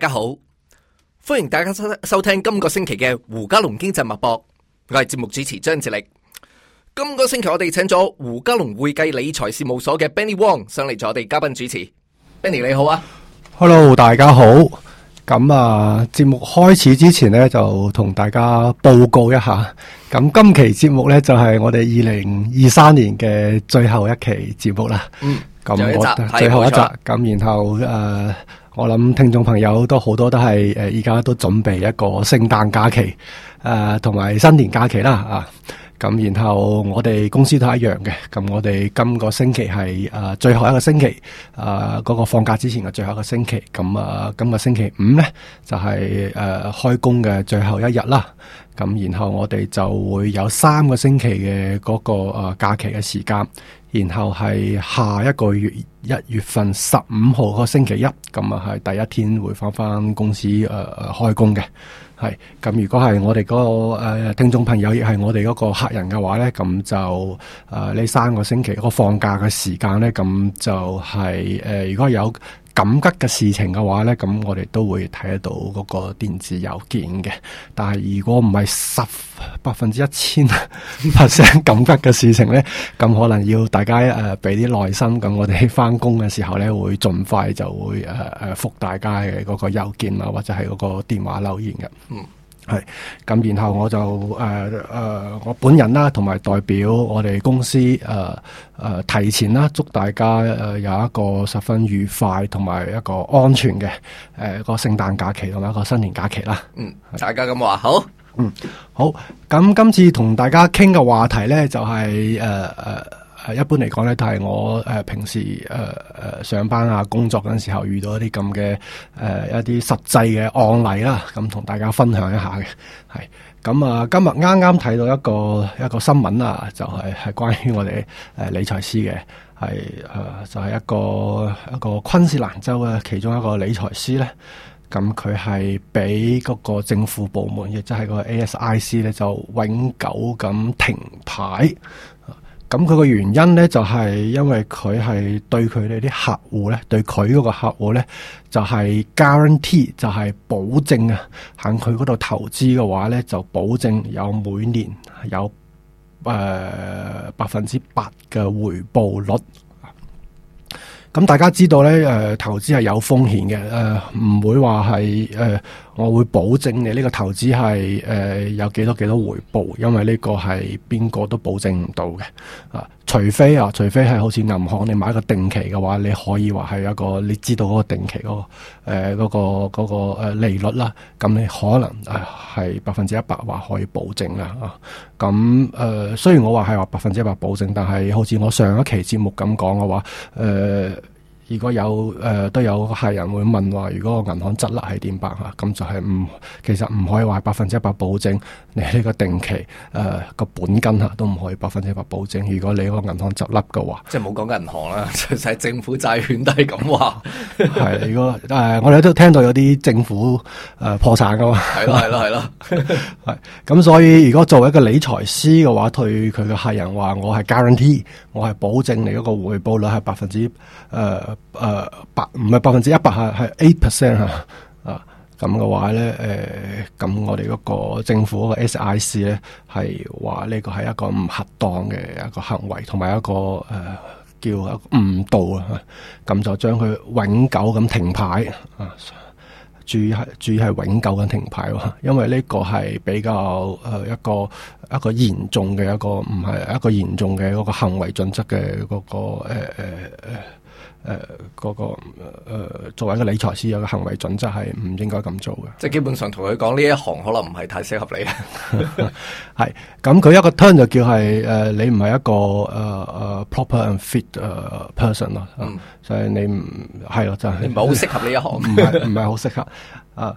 大家好，歡迎大家收收聽今個星期嘅胡嘉龍經濟脈搏，我係節目主持張智力。今個星期我哋請咗胡嘉龍會計理財事務所嘅 Benny Wong 上嚟做我哋嘉賓主持。Benny 你好啊，Hello，大家好。咁啊，節目開始之前呢，就同大家報告一下。咁今期節目呢，就係、是、我哋二零二三年嘅最後一期節目啦。嗯，咁那我最後一集，咁然後誒。呃我諗聽眾朋友都好多都係誒，而家都準備一個聖誕假期誒，同埋新年假期啦啊！咁然後我哋公司都一樣嘅。咁我哋今個星期係誒最後一個星期誒，嗰個放假之前嘅最後一個星期，咁啊，今個星期五呢，就係誒開工嘅最後一日啦。咁然後我哋就會有三個星期嘅嗰個誒假期嘅時間。然後係下一個月一月份十五號個星期一，咁啊係第一天會返返公司誒、呃、開工嘅。係咁如果係我哋嗰、那個誒、呃、聽眾朋友亦係我哋嗰個客人嘅話咧，咁就誒呢、呃、三個星期、那個放假嘅時間咧，咁就係、是、誒、呃、如果有。感急嘅事情嘅話呢，咁我哋都會睇得到嗰個電子郵件嘅。但係如果唔係十百分之一千發生感急嘅事情呢，咁可能要大家誒俾啲耐心。咁我哋喺返工嘅時候呢，會盡快就會誒誒、呃啊、復大家嘅嗰個郵件啊，或者係嗰個電話留言嘅。嗯。係，咁然後我就誒誒、呃呃，我本人啦，同埋代表我哋公司誒誒、呃呃，提前啦，祝大家、呃、有一個十分愉快同埋一個安全嘅誒、呃、個聖誕假期同埋一個新年假期啦。嗯，大家咁話好，嗯好，咁今次同大家傾嘅話題呢，就係誒誒。呃呃誒一般嚟講咧，都係我誒、呃、平時誒誒、呃呃、上班啊、工作嗰陣時候遇到一啲咁嘅誒一啲實際嘅案例啦，咁、啊、同大家分享一下嘅。係咁、嗯、啊，今日啱啱睇到一個一個新聞啊，就係、是、係關於我哋誒、呃、理財師嘅，係誒、呃、就係、是、一個一個昆士蘭州嘅其中一個理財師咧。咁佢係俾嗰個政府部門，亦即係個 ASIC 咧，就永久咁停牌。咁佢個原因咧，就係因為佢係對佢哋啲客戶咧，對佢嗰個客戶咧，就係 guarantee，就係保證啊，喺佢嗰度投資嘅話咧，就保證有每年有誒百分之八嘅回報率。咁大家知道咧，誒、呃、投資係有風險嘅，誒、呃、唔會話係誒，我會保證你呢個投資係誒、呃、有幾多幾多回報，因為呢個係邊個都保證唔到嘅，啊。除非啊，除非係好似銀行你買一個定期嘅話，你可以話係一個你知道嗰個定期嗰，呃嗰個誒嗰、嗰個利率啦，咁你可能係百分之一百話可以保證啦啊！咁誒、呃、雖然我話係話百分之一百保證，但係好似我上一期節目咁講嘅話誒。呃如果有誒、呃、都有客人會問話，如果個銀行執笠係點辦啊？咁就係唔，其實唔可以話百分之一百保證你呢個定期誒個、呃、本金啊，都唔可以百分之一百保證。如果你個銀行執笠嘅話，即係冇講銀行啦，就係 政府債券都係咁話。係 如果誒、呃，我哋都聽到有啲政府誒、呃、破產噶嘛。係咯係咯係咯。係咁， 所以如果作為一個理財師嘅話，對佢嘅客人話，我係 guarantee，我係保證你嗰個回報率係百分之誒。呃誒，百唔係百分之一百吓，係 eight percent 吓，啊咁嘅話咧，誒，咁我哋嗰個政府個 SIC 咧，係話呢個係一個唔恰當嘅一個行為，同埋一個誒叫誤導啊，咁、啊、就將佢永久咁停牌啊，注意係注意係永久咁停牌，啊、因為呢個係比較誒一個一個嚴重嘅一個唔係一個嚴重嘅嗰個行為準則嘅嗰個誒誒。呃呃呃誒，呃、個誒、呃、作為一個理財師，有個行為準則係唔應該咁做嘅。即係基本上同佢講呢一行可能唔係太適合你。係， 咁佢一個 turn、er、就叫係誒、呃，你唔係一個誒誒、uh, proper and fit 誒、uh, person 咯、啊。嗯，所以你唔係咯，就係唔係好適合呢一行。唔係唔係好適合啊。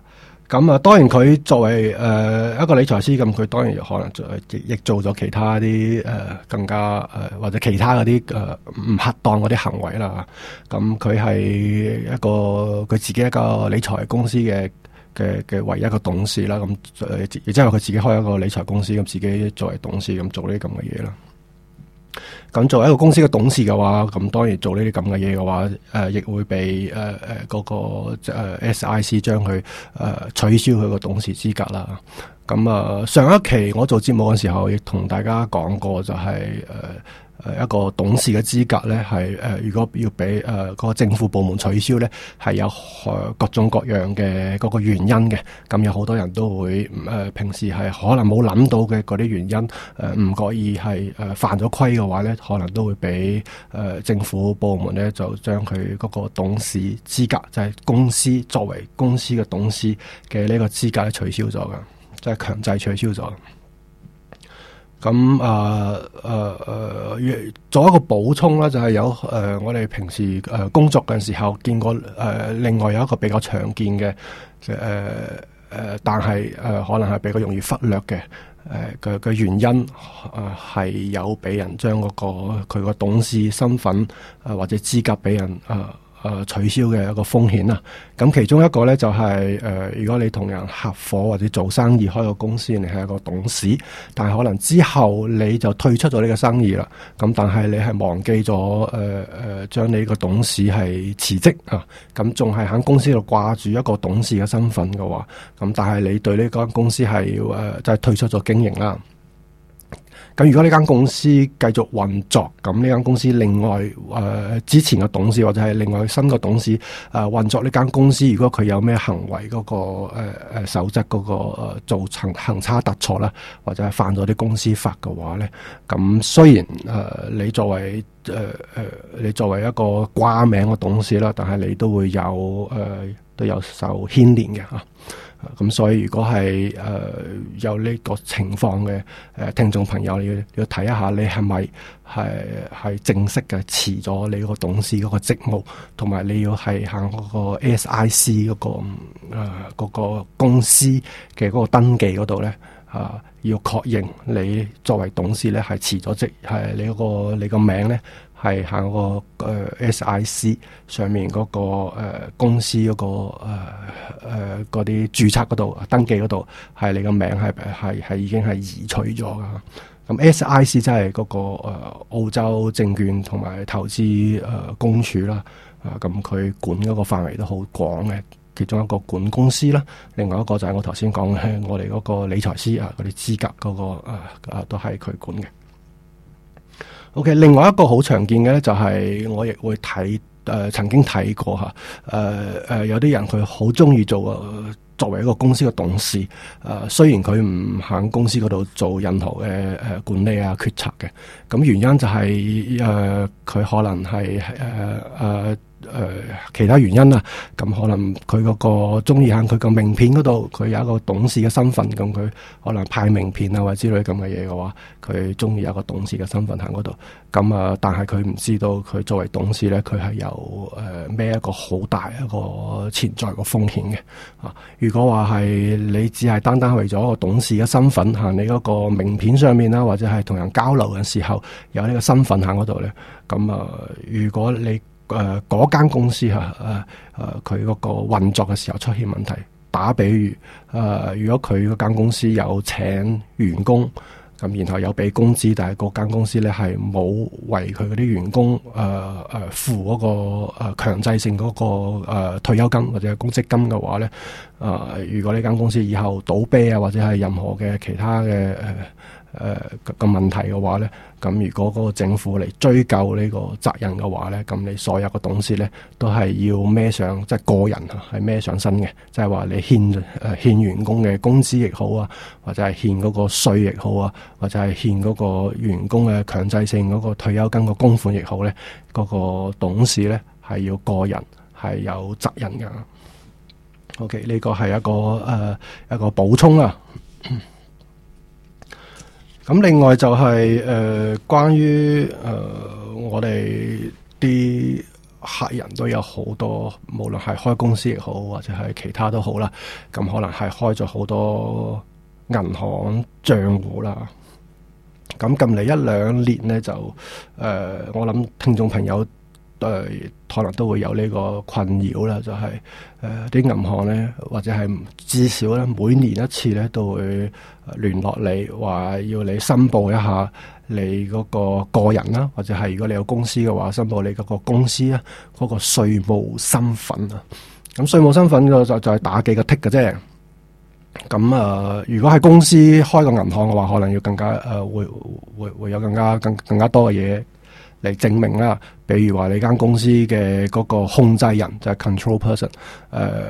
咁啊、嗯，當然佢作為誒、呃、一個理財師咁，佢當然可能亦亦做咗其他啲誒、呃、更加誒、呃、或者其他嗰啲誒唔恰當嗰啲行為啦。咁佢係一個佢自己一個理財公司嘅嘅嘅唯一個董事啦。咁、嗯、誒，亦即係佢自己開一個理財公司咁，自己作為董事咁、嗯、做呢啲咁嘅嘢啦。咁做一個公司嘅董事嘅話，咁當然做呢啲咁嘅嘢嘅話，誒、呃、亦會俾誒誒嗰個誒 SIC 將佢誒取消佢個董事資格啦。咁、嗯、啊、呃，上一期我做節目嘅時候，亦同大家講過就係、是、誒。呃誒一個董事嘅資格咧，係誒、呃、如果要俾誒、呃、個政府部門取消咧，係有各種各樣嘅嗰個原因嘅。咁有好多人都會誒、呃，平時係可能冇諗到嘅嗰啲原因，誒唔覺意係誒、呃、犯咗規嘅話咧，可能都會俾誒、呃、政府部門咧就將佢嗰個董事資格，就係、是、公司作為公司嘅董事嘅呢個資格取消咗㗎，即、就、係、是、強制取消咗。咁啊啊啊，做一個補充啦，就係、是、有誒、呃，我哋平時誒工作嘅時候見過誒、呃，另外有一個比較常見嘅誒誒，但係誒、呃、可能係比較容易忽略嘅誒嘅嘅原因，誒、呃、係有俾人將嗰個佢個董事身份誒、呃、或者資格俾人誒。呃誒取消嘅一個風險啊！咁其中一個呢、就係，就係誒，如果你同人合伙或者做生意開個公司，你係一個董事，但係可能之後你就退出咗呢個生意啦。咁但係你係忘記咗誒誒，將、呃、你呢個董事係辭職啊！咁仲係喺公司度掛住一個董事嘅身份嘅話，咁但係你對呢間公司係要誒，就係、係、退出咗經營啦。咁如果呢間公司繼續運作，咁呢間公司另外誒、呃、之前嘅董事或者係另外新嘅董事誒運、呃、作呢間公司，如果佢有咩行為嗰、那個誒誒、呃、守則嗰、那個誒、呃、做行行差踏錯啦，或者係犯咗啲公司法嘅話咧，咁雖然誒、呃、你作為誒誒、呃呃、你作為一個掛、呃、名嘅董事啦，但係你都會有誒、呃、都有受牽連嘅吓。咁、嗯、所以如果係誒、呃、有呢個情況嘅誒聽眾朋友，你要要睇一下你係咪係係正式嘅辭咗你個董事嗰個職務，同埋你要係行嗰個 ASIC 嗰、嗰個誒個、呃、公司嘅嗰個登記嗰度咧啊，要確認你作為董事咧係辭咗職，係你嗰、嗰個你個名咧。係行個誒 SIC 上面嗰、那個、呃、公司嗰、那個誒嗰啲註冊嗰度、登記嗰度，係你個名係係係已經係移除咗㗎。咁 SIC 真係嗰、那個、呃、澳洲證券同埋投資誒、呃、公署啦。啊，咁佢管嗰個範圍都好廣嘅，其中一個管公司啦，另外一個就係我頭先講嘅，我哋嗰個理財師啊嗰啲資格嗰、那個啊啊都係佢管嘅。OK，另外一個好常見嘅咧，就係我亦會睇，誒曾經睇過嚇，誒、呃、誒、呃、有啲人佢好中意做作為一個公司嘅董事，誒、呃、雖然佢唔喺公司嗰度做任何嘅誒、呃、管理啊決策嘅，咁原因就係誒佢可能係誒誒。呃呃誒、呃，其他原因啊，咁、嗯、可能佢嗰、那個中意喺佢個名片嗰度，佢有一個董事嘅身份，咁、嗯、佢可能派名片啊或者之類咁嘅嘢嘅話，佢中意有個董事嘅身份喺嗰度。咁、嗯、啊，但係佢唔知道佢作為董事咧，佢係有誒咩、呃、一個好大一個潛在嘅風險嘅啊。如果話係你只係單單為咗一個董事嘅身份吓，你嗰個名片上面啦、啊，或者係同人交流嘅時候有呢個身份喺嗰度咧，咁、嗯、啊，如果你。誒嗰間公司嚇，誒誒佢嗰個運作嘅時候出現問題，打比如誒、呃，如果佢嗰間公司有請員工，咁然後有俾工資，但係嗰間公司咧係冇為佢嗰啲員工誒誒、呃呃、付嗰、嗰個誒強、呃、制性嗰、嗰個、呃、退休金或者係公積金嘅話咧，誒、呃、如果呢間公司以後倒閉啊，或者係任何嘅其他嘅誒誒嘅問題嘅話咧。咁如果嗰個政府嚟追究呢個責任嘅話咧，咁你所有個董事咧都係要孭上即係個人吓、啊，係孭上身嘅，即係話你欠誒、呃、欠員工嘅工資亦好啊，或者係欠嗰個稅亦好啊，或者係欠嗰個員、呃、工嘅強制性嗰個退休金個供款亦好咧，嗰、那個董事咧係要個人係有責任噶。OK，呢個係一個誒、呃、一個補充啊。 咁另外就係、是、誒、呃，關於誒、呃，我哋啲客人都有好多，無論係開公司亦好，或者係其他都好啦。咁可能係開咗好多銀行賬戶啦。咁近嚟一兩年呢，就誒、呃，我諗聽眾朋友。誒，可能都會有呢個困擾啦，就係誒啲銀行咧，或者係至少咧每年一次咧，都會聯絡你，話要你申報一下你嗰個個人啦，或者係如果你有公司嘅話，申報你嗰個公司啊，嗰個稅務身份啊。咁稅務身份就就係打幾個剔嘅啫。咁啊、呃，如果係公司開個銀行嘅話，可能要更加誒、呃、會會會有更加更更加多嘅嘢。嚟證明啦，比如話你間公司嘅嗰個控制人就係、是、control person、呃。誒，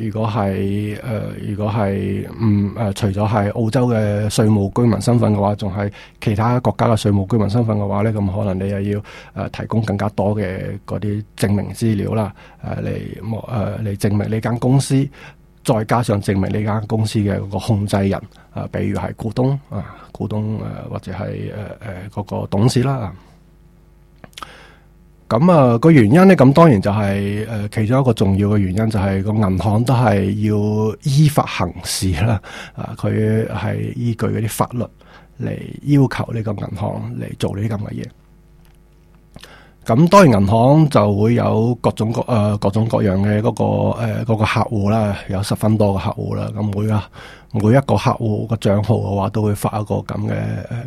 如果係誒、呃，如果係嗯誒，除咗係澳洲嘅稅務居民身份嘅話，仲係其他國家嘅稅務居民身份嘅話咧，咁可能你又要誒、呃、提供更加多嘅嗰啲證明資料啦，誒嚟莫嚟證明呢間公司，再加上證明呢間公司嘅嗰個控制人啊、呃，比如係股東啊，股東誒或者係誒誒嗰個董事啦。咁啊個原因呢，咁當然就係、是、誒、呃，其中一個重要嘅原因就係個銀行都係要依法行事啦，啊佢係依據嗰啲法律嚟要求呢個銀行嚟做呢啲咁嘅嘢。咁、嗯、當然銀行就會有各種各誒、呃、各種各樣嘅嗰、那個誒嗰、呃、個客戶啦，有十分多嘅客戶啦，咁會啊。每一個客戶個賬號嘅話都會發一個咁嘅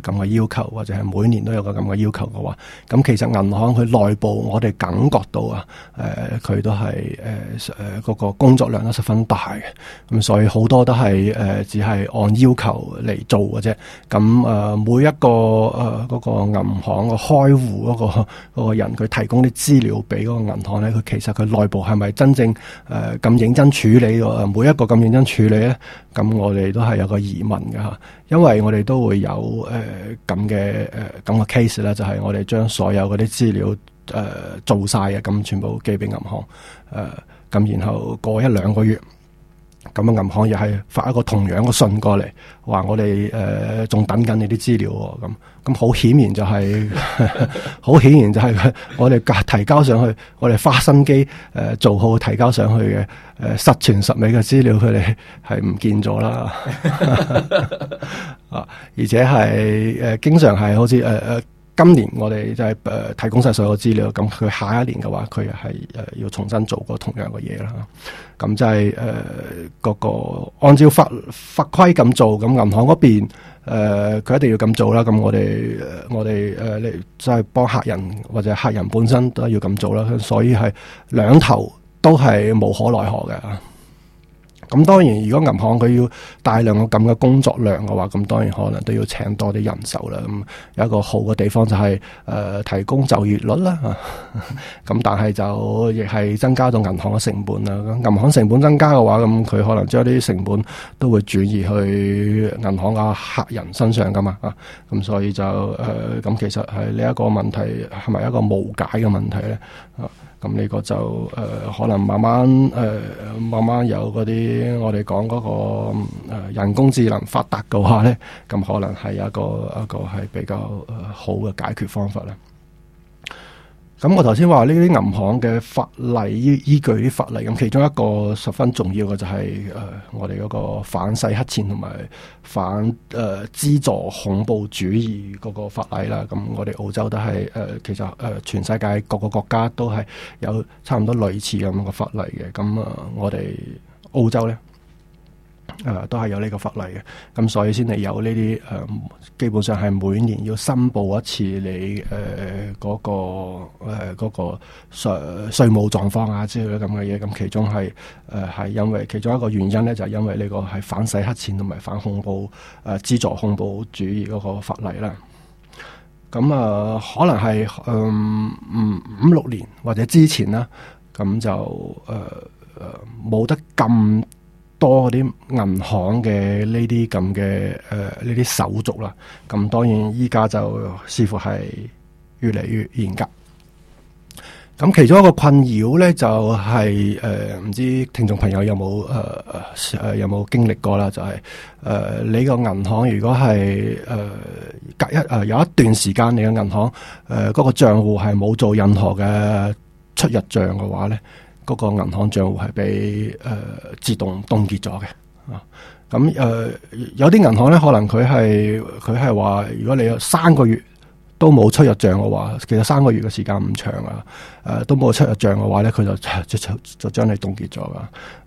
誒咁嘅要求，或者係每年都有個咁嘅要求嘅話，咁其實銀行佢內部我哋感覺到啊，誒、呃、佢都係誒誒個工作量都十分大嘅，咁所以好多都係誒、呃、只係按要求嚟做嘅啫。咁誒每一個誒嗰、呃那個銀行個開戶嗰個嗰個人，佢提供啲資料俾嗰個銀行咧，佢其實佢內部係咪真正誒咁、呃、認真處理㗎？每一個咁認真處理咧，咁我。我哋都係有個疑問㗎吓，因為我哋都會有誒咁嘅誒咁嘅 case 咧，就係我哋將所有嗰啲資料誒、呃、做晒嘅，咁全部寄俾銀行誒，咁、呃、然後過一兩個月。咁啊！銀行又係發一個同樣嘅信過嚟，話我哋誒仲等緊你啲資料喎、哦。咁咁好顯然就係、是，好 顯然就係我哋提交上去，我哋花心機誒、呃、做好提交上去嘅誒十全十美嘅資料，佢哋係唔見咗啦。啊， 而且係誒、呃、經常係好似誒誒。呃呃今年我哋就係誒提供晒所有資料，咁佢下一年嘅話，佢又係誒要重新做過同樣嘅嘢啦。咁就係、是、誒、呃、各個按照法法規咁做，咁銀行嗰邊佢、呃、一定要咁做啦。咁我哋我哋誒嚟就係、是、幫客人或者客人本身都要咁做啦。所以係兩頭都係無可奈何嘅。咁當然，如果銀行佢要大量嘅咁嘅工作量嘅話，咁當然可能都要請多啲人手啦。咁有一個好嘅地方就係、是，誒、呃、提供就業率啦。咁、啊、但係就亦係增加咗銀行嘅成本啦。銀行成本增加嘅話，咁佢可能將啲成本都會轉移去銀行嘅客人身上噶嘛。啊，咁所以就誒，咁、呃、其實係呢一個問題係咪一個無解嘅問題咧？啊！咁呢個就誒、呃、可能慢慢誒、呃、慢慢有嗰啲我哋講嗰個人工智能發達嘅話咧，咁可能係一個一個係比較誒好嘅解決方法啦。咁我頭先話呢啲銀行嘅法例依依據啲法例，咁其中一個十分重要嘅就係、是、誒、呃、我哋嗰個反洗黑錢同埋反誒資、呃、助恐怖主義嗰個法例啦。咁我哋澳洲都係誒、呃，其實誒全世界各個國家都係有差唔多類似咁個法例嘅。咁啊，我哋澳洲咧。誒、呃，都係有呢個法例嘅，咁、嗯、所以先係有呢啲誒，基本上係每年要申報一次你誒嗰、呃那個誒嗰、呃那個稅稅務狀況啊之類咁嘅嘢，咁、嗯、其中係誒係因為其中一個原因呢，就係、因為呢個係反洗黑錢同埋反恐怖誒、呃、資助恐怖主義嗰個法例啦。咁、嗯、啊、呃，可能係嗯五五六年或者之前啦，咁、嗯、就誒誒冇得咁。多嗰啲銀行嘅呢啲咁嘅誒呢啲手續啦，咁當然依家就似乎係越嚟越嚴格。咁其中一個困擾咧，就係誒唔知聽眾朋友有冇誒誒有冇經歷過啦，就係誒你個銀行如果係誒隔一誒有一段時間你個銀行誒嗰個賬戶係冇做任何嘅出入賬嘅話咧。嗰個銀行賬戶係被誒、呃、自動凍結咗嘅啊！咁、呃、誒有啲銀行咧，可能佢係佢係話，如果你有三個月都冇出入賬嘅話，其實三個月嘅時間唔長啊！誒、啊、都冇出入賬嘅話咧，佢就就就，就，就將你凍結咗㗎。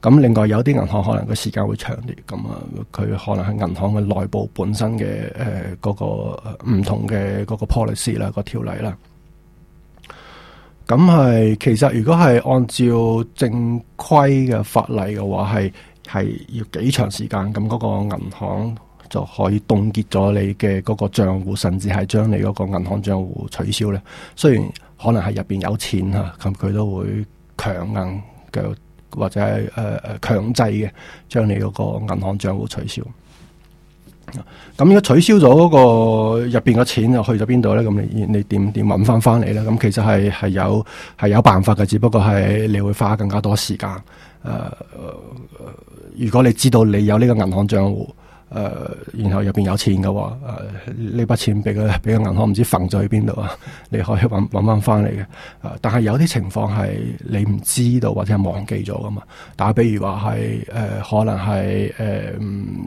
咁、啊、另外有啲銀行可能佢時間會長啲，咁啊佢可能係銀行嘅內部本身嘅誒嗰個唔同嘅嗰個 policy 啦，個條例啦。咁係，其實如果係按照正規嘅法例嘅話，係係要幾長時間，咁嗰個銀行就可以凍結咗你嘅嗰個帳戶，甚至係將你嗰個銀行帳戶取消咧。雖然可能係入邊有錢嚇，咁佢都會強硬嘅或者係誒誒強制嘅，將你嗰個銀行帳戶取消。咁如果取消咗嗰個入邊嘅錢又去咗邊度咧？咁你你點點搵翻翻嚟咧？咁其實係係有係有辦法嘅，只不過係你會花更加多時間。誒、呃呃，如果你知道你有呢個銀行賬戶。誒、呃，然後入邊有錢噶，誒、呃、呢筆錢俾佢俾個銀行，唔知饋咗去邊度啊？你可以搵搵翻翻嚟嘅。誒、呃，但係有啲情況係你唔知道或者係忘記咗噶嘛。打比如話係誒，可能係誒、呃、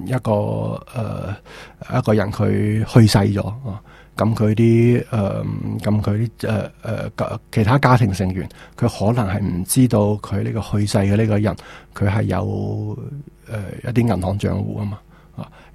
一個誒、呃、一個人佢去世咗啊，咁佢啲誒咁佢啲誒誒其他家庭成員，佢可能係唔知道佢呢個去世嘅呢個人，佢係有誒、呃、一啲銀行賬戶啊嘛。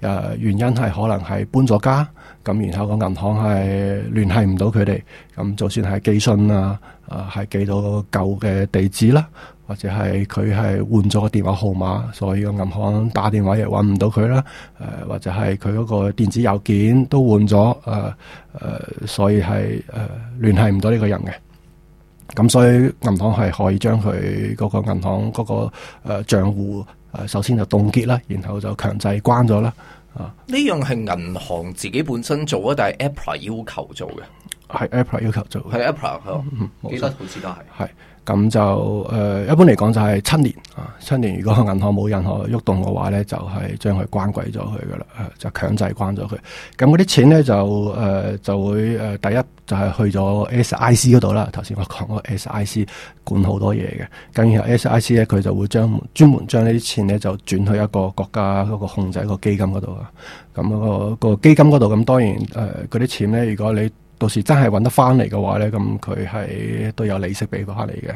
啊！原因係可能係搬咗家，咁然後個銀行係聯繫唔到佢哋，咁就算係寄信啊，啊係寄到舊嘅地址啦，或者係佢係換咗個電話號碼，所以個銀行打電話又搵唔到佢啦。誒、啊、或者係佢嗰個電子郵件都換咗，誒、啊、誒、啊，所以係誒、啊、聯繫唔到呢個人嘅。咁所以銀行係可以將佢嗰個銀行嗰、個誒賬、啊、戶。誒，首先就凍結啦，然後就強制關咗啦。啊，呢樣係銀行自己本身做啊，但係 APRA 要求做嘅，係 APRA 要求做，係 APRA，其實好似都係。嗯嗯咁就誒、呃，一般嚟講就係七年啊，七年如果銀行冇任何喐動嘅話咧，就係、是、將佢關閉咗佢噶啦，就強制關咗佢。咁嗰啲錢咧就誒、呃、就會誒、呃，第一就係去咗 SIC 嗰度啦。頭先我講過 SIC 管好多嘢嘅，跟住 SIC 咧佢就會將專門將呢啲錢咧就轉去一個國家嗰個控制一個基金嗰度啊。咁嗰、那個那個基金嗰度咁當然誒啲、呃、錢咧，如果你到時真係揾得翻嚟嘅話咧，咁佢係都有利息俾翻你嘅，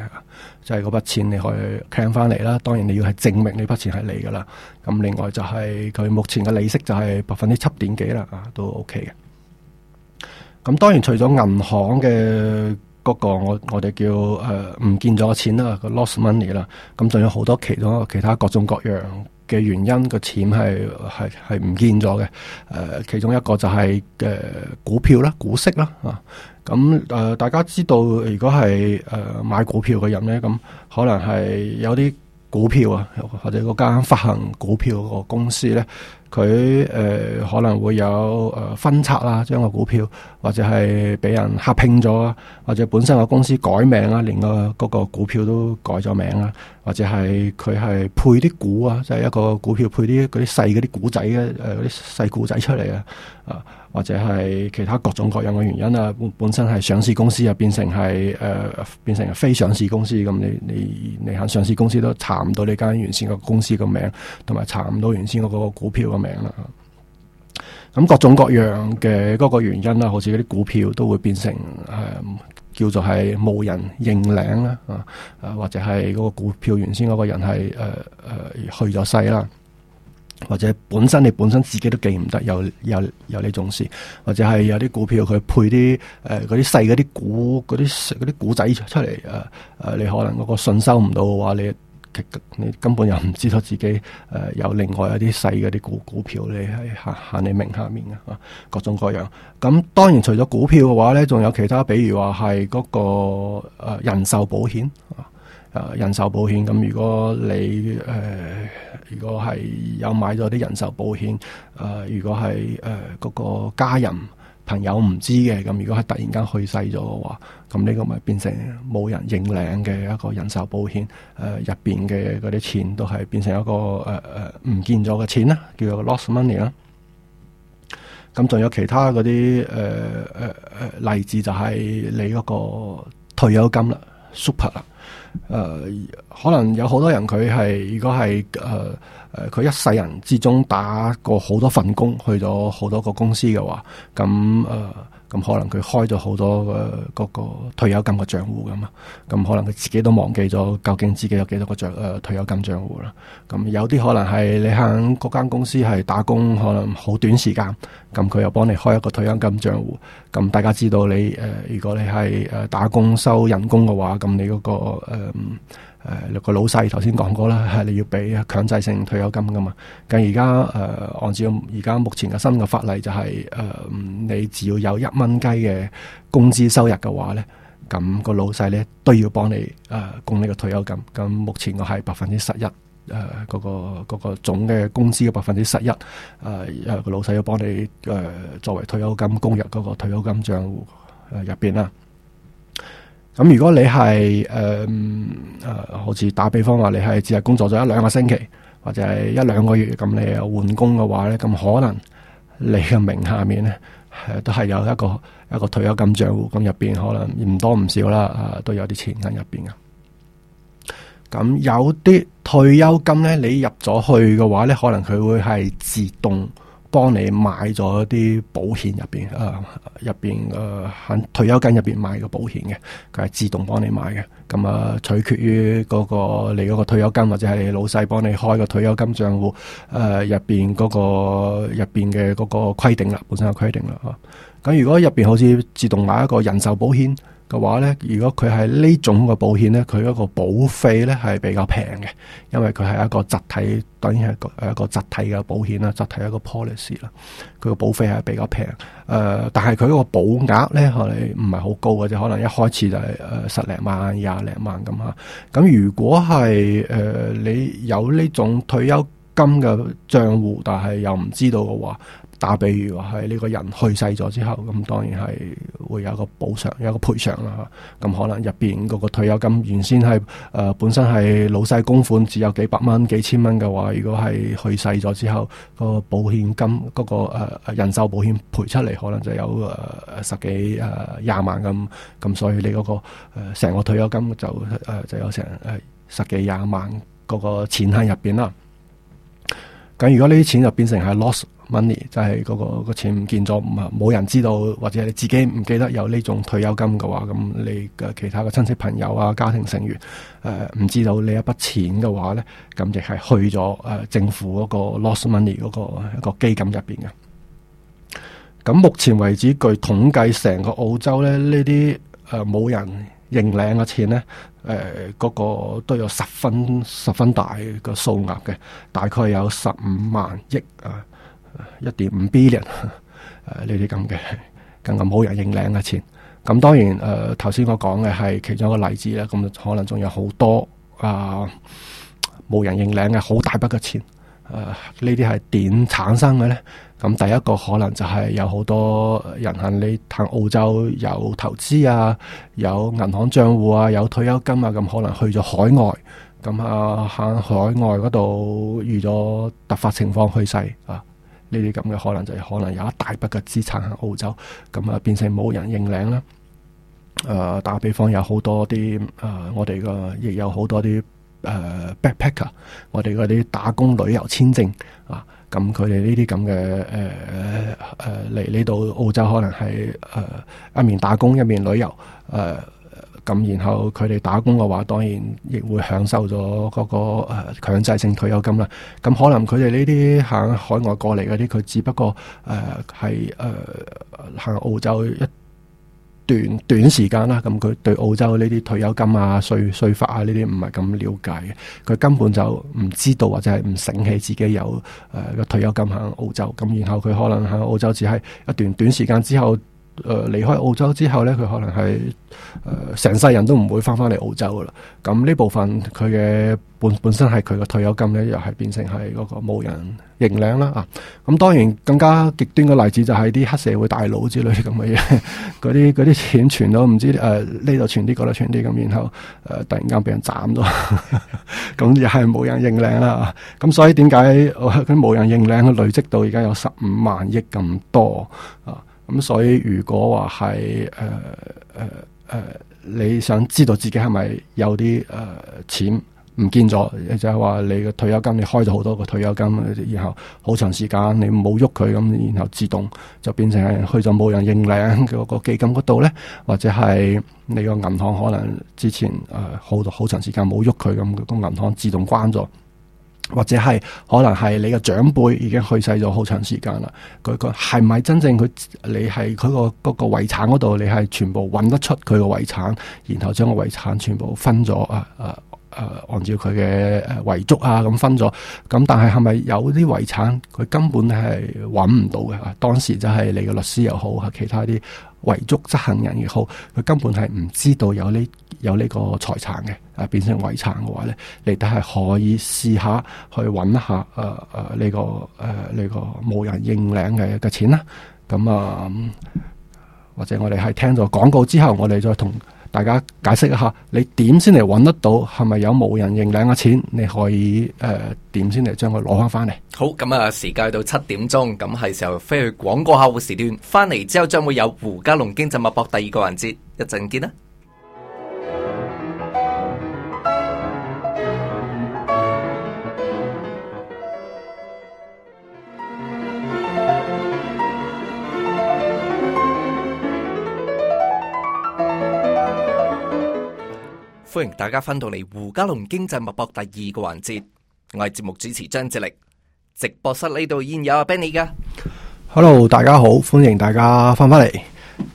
即係嗰筆錢你可以 claim 翻嚟啦。當然你要係證明呢筆錢係你噶啦。咁另外就係佢目前嘅利息就係百分之七點幾啦，啊都 OK 嘅。咁當然除咗銀行嘅嗰個我，我我哋叫誒唔見咗錢啦，個 loss money 啦，咁仲有好多其他其他各種各樣嘅原因個錢係係係唔見咗嘅，誒、呃，其中一個就係、是、誒、呃、股票啦、股息啦嚇，咁、啊、誒、呃、大家知道，如果係誒、呃、買股票嘅人咧，咁可能係有啲股票啊，或者嗰間發行股票個公司咧。佢誒、呃、可能會有誒、呃、分拆啊，將個股票或者係俾人合拼咗啊，或者本身個公司改名啊，連、個、嗰個股票都改咗名啊，或者係佢係配啲股啊，即係一個股票配啲啲細啲股仔啊誒啲細股仔出嚟啊，啊或者係其他各種各樣嘅原因啊，本本身係上市公司啊，變成係誒、呃、變成非上市公司咁，你你你行上市公司都查唔到你間原先個公司個名，同埋查唔到原先嗰個股票啊。名啦，咁各種各樣嘅嗰個原因啦，好似嗰啲股票都會變成誒、呃，叫做係冇人認領啦，啊、呃，或者係嗰個股票原先嗰個人係誒誒去咗世啦，或者本身你本身自己都記唔得，又有又你重視，或者係有啲股票佢配啲誒嗰啲細嗰啲股啲啲股仔出嚟誒誒，你可能嗰個信收唔到嘅話你。你根本又唔知道自己誒、呃、有另外一啲細嘅啲股股票你喺下下你名下面嘅嚇、啊，各種各樣。咁當然除咗股票嘅話咧，仲有其他，比如話係嗰個、呃、人壽保險啊，誒人壽保險。咁、啊、如果你誒、呃、如果係有買咗啲人壽保險，誒、啊、如果係誒嗰個家人。朋友唔知嘅，咁如果係突然間去世咗嘅話，咁呢個咪變成冇人認領嘅一個人壽保險誒入邊嘅嗰啲錢都係變成一個誒誒唔見咗嘅錢啦，叫做 loss money 啦。咁仲有其他嗰啲誒誒誒例子就係你嗰個退休金啦，super 啦。誒，uh, 可能有好多人佢係如果係誒誒，佢、uh, 一世人之中打過好多份工，去咗好多個公司嘅話，咁誒，咁、uh, 可能佢開咗好多誒、uh, 個退休金嘅賬戶噶嘛，咁可能佢自己都忘記咗究竟自己有幾多個賬誒、uh, 退休金賬戶啦。咁有啲可能係你喺嗰間公司係打工，可能好短時間，咁佢又幫你開一個退休金賬戶。咁大家知道你誒，uh, 如果你係誒打工收人工嘅話，咁你嗰、個。誒，誒、嗯，個、呃、老細頭先講過啦，係你要俾強制性退休金噶嘛？咁而家誒，按照而家目前嘅新嘅法例，就係，就係誒，你只要有一蚊雞嘅工資收入嘅話咧，咁、那個老細咧都要幫你誒、呃、供呢個退休金。咁目前我係百分之十一誒，嗰、呃那個嗰、那個總嘅工資嘅百分之十一誒，個、呃、老細要幫你誒、呃、作為退休金供入嗰個退休金賬戶誒入邊啦。呃咁如果你係誒誒，好似打比方話，你係只係工作咗一兩個星期或者係一兩個月，咁你換工嘅話咧，咁可能你嘅名下面咧誒、呃，都係有一個一個退休金賬戶金面，咁入邊可能唔多唔少啦，啊、呃、都有啲錢喺入邊嘅。咁有啲退休金咧，你入咗去嘅話咧，可能佢會係自動。幫你買咗啲保險入邊，誒入邊誒喺退休金入邊買嘅保險嘅，佢係自動幫你買嘅。咁啊，取決於嗰、那個你嗰個退休金或者係老細幫你開個退休金賬戶，誒入邊嗰個入邊嘅嗰個規定啦，本身嘅規定啦。咁、啊、如果入邊好似自動買一個人壽保險嘅話咧，如果佢係呢種嘅保險咧，佢嗰個保費咧係比較平嘅，因為佢係一個集體，等於係誒一個集體嘅保險啦，集體一個 policy 啦，佢嘅保費係比較平。誒、呃，但係佢嗰個保額咧係唔係好高嘅啫？可能一開始就係誒十零萬廿零萬咁吓，咁如果係誒，你有呢種退休金嘅賬戶，但係又唔知道嘅話。打比如話，係呢個人去世咗之後，咁當然係會有個補償，有個賠償啦。咁可能入邊嗰個退休金原先係誒、呃、本身係老細公款，只有幾百蚊、幾千蚊嘅話，如果係去世咗之後，個保險金嗰、個、呃、人壽保險賠出嚟，可能就有誒十幾誒廿、啊、萬咁咁，所以你嗰、個成、呃、個退休金就誒、呃、就有成誒十幾廿萬嗰個錢喺入邊啦。咁如果呢啲錢就變成係 loss。money 就係嗰、那個個錢唔見咗，唔係冇人知道，或者你自己唔記得有呢種退休金嘅話，咁你嘅其他嘅親戚朋友啊、家庭成員誒唔、呃、知道呢一筆錢嘅話咧，咁亦係去咗誒、呃、政府嗰個 loss money 嗰、那個一、那個基金入邊嘅。咁目前為止據統計，成個澳洲咧呢啲誒冇人認領嘅錢咧，誒、呃、嗰、那個都有十分十分大嘅數額嘅，大概有十五萬億啊。一點五 billion 呢啲咁嘅，1 1. Billion，啊、更加冇人認領嘅錢。咁當然誒、頭、呃、先我講嘅係其中一個例子啦。咁可能仲有好多啊，冇人認領嘅好大筆嘅錢。誒、啊，呢啲係點產生嘅呢？咁第一個可能就係有好多人行，你行澳洲有投資啊，有銀行賬戶啊，有退休金啊，咁可能去咗海外，咁啊喺海外嗰度遇咗突發情況去世啊。呢啲咁嘅可能就係可能有一大筆嘅資產喺澳洲，咁啊變成冇人認領啦。誒、呃，打個比方有好多啲誒、呃，我哋個亦有好多啲誒、呃、backpacker，我哋嗰啲打工旅遊簽證啊，咁佢哋呢啲咁嘅誒誒嚟呢度澳洲，可能係誒、呃、一面打工一面旅遊誒。呃咁，然後佢哋打工嘅話，當然亦會享受咗嗰、那個誒強、呃、制性退休金啦。咁、嗯、可能佢哋呢啲喺海外過嚟嗰啲，佢只不過誒係誒喺澳洲一段短時間啦。咁、嗯、佢對澳洲呢啲退休金啊、稅稅法啊呢啲唔係咁了解嘅，佢根本就唔知道或者係唔醒起自己有誒嘅、呃、退休金喺澳洲。咁、嗯、然後佢可能喺澳洲只係一段短時間之後。誒，離、呃、開澳洲之後咧，佢可能係誒，成、呃、世人都唔會翻翻嚟澳洲噶啦。咁呢部分佢嘅本本身係佢嘅退休金咧，又係變成係嗰個無人認領啦啊。咁、嗯、當然更加極端嘅例子就係啲黑社會大佬之類咁嘅嘢，嗰啲嗰啲錢存咗唔知誒呢度存啲，嗰度存啲咁，然後誒、呃、突然間俾人斬咗，咁又係冇人認領啦。咁所以點解佢無人認領嘅累積到而家有十五萬億咁多啊？嗯咁、嗯、所以如果話係誒誒誒，你想知道自己係咪有啲誒、呃、錢唔見咗？就係話你嘅退休金，你開咗好多個退休金，然後好長時間你冇喐佢咁，然後自動就變成去咗冇人認領嘅個基金嗰度咧，或者係你個銀行可能之前誒好多好長時間冇喐佢咁，個銀行自動關咗。或者係可能係你個長輩已經去世咗好長時間啦，佢個係咪真正佢你係佢個嗰個遺產嗰度，你係全部揾得出佢個遺產，然後將個遺產全部分咗啊啊啊！按照佢嘅遺囑啊咁分咗，咁但係係咪有啲遺產佢根本係揾唔到嘅啊？當時就係你個律師又好嚇，其他啲遺囑執行人又好，佢根本係唔知道有呢。有呢個財產嘅，啊變成遺產嘅話咧，你都係可以試下去揾下，誒誒呢個誒呢、呃這個無人認領嘅嘅錢啦。咁、嗯、啊，或者我哋係聽咗廣告之後，我哋再同大家解釋一下，你點先嚟揾得到係咪有冇人認領嘅錢？你可以誒點先嚟將佢攞翻翻嚟？呃、好，咁啊，時間到七點鐘，咁係時候飛去廣告客戶時段，翻嚟之後將會有胡嘉龍經濟脈搏第二個環節，一陣見啦。歡迎大家返到嚟胡嘉龍經濟脈搏第二個環節，我係節目主持張志力，直播室呢度已經有阿 Benny 噶，Hello，大家好，歡迎大家翻返嚟。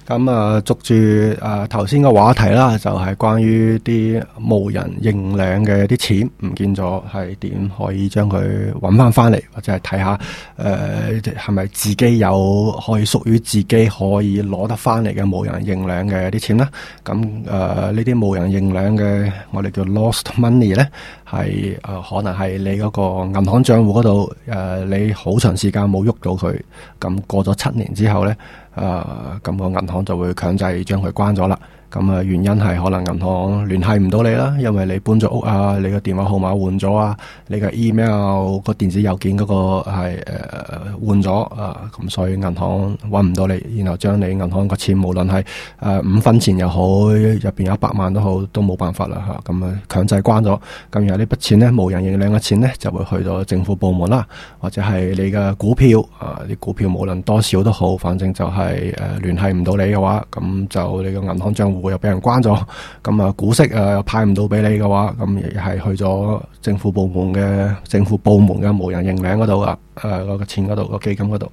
咁啊，捉住誒頭先嘅話題啦，就係、是、關於啲無人認領嘅啲錢，唔見咗，係點可以將佢揾翻翻嚟，或者係睇下誒係咪自己有可以屬於自己可以攞得翻嚟嘅無人認領嘅啲錢咧？咁誒呢啲無人認領嘅，我哋叫 lost money 咧，係誒、啊、可能係你嗰個銀行賬戶嗰度誒你好長時間冇喐到佢，咁過咗七年之後咧。啊！咁個銀行就會強制將佢關咗啦。咁啊，原因係可能銀行聯繫唔到你啦，因為你搬咗屋啊，你嘅電話號碼換咗啊，你嘅 email 個電子郵件個係誒、呃、換咗啊，咁、呃、所以銀行搵唔到你，然後將你銀行個錢，無論係誒、呃、五分錢又好，入邊有一百萬都好，都冇辦法啦吓，咁、呃、啊強制關咗，咁然後呢筆錢咧無人認領嘅錢咧就會去到政府部門啦，或者係你嘅股票啊，啲、呃、股票無論多少都好，反正就係、是、誒、呃、聯繫唔到你嘅話，咁就你個銀行賬戶。又俾人關咗，咁啊股息啊又派唔到俾你嘅話，咁亦係去咗政府部門嘅政府部門嘅無人認領嗰度、呃呃、啊，誒個錢嗰度個基金嗰度。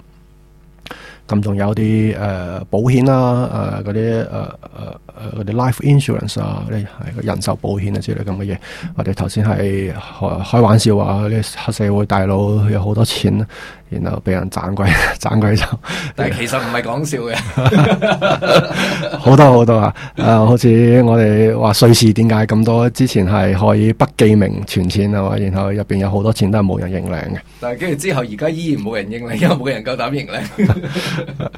咁仲有啲誒保險啦，誒嗰啲誒誒誒啲 life insurance 啊，呢係個人壽保險啊之類咁嘅嘢。我哋頭先係開開玩笑話，啲黑社會大佬有好多錢。然後俾人斬鬼，斬鬼走。但係其實唔係講笑嘅，好多好多啊！ 啊，好似我哋話瑞士點解咁多？之前係可以不記名存錢係嘛，然後入邊有好多錢都係冇人認領嘅。 但係跟住之後，而家依然冇人認領，因為冇人夠膽認領。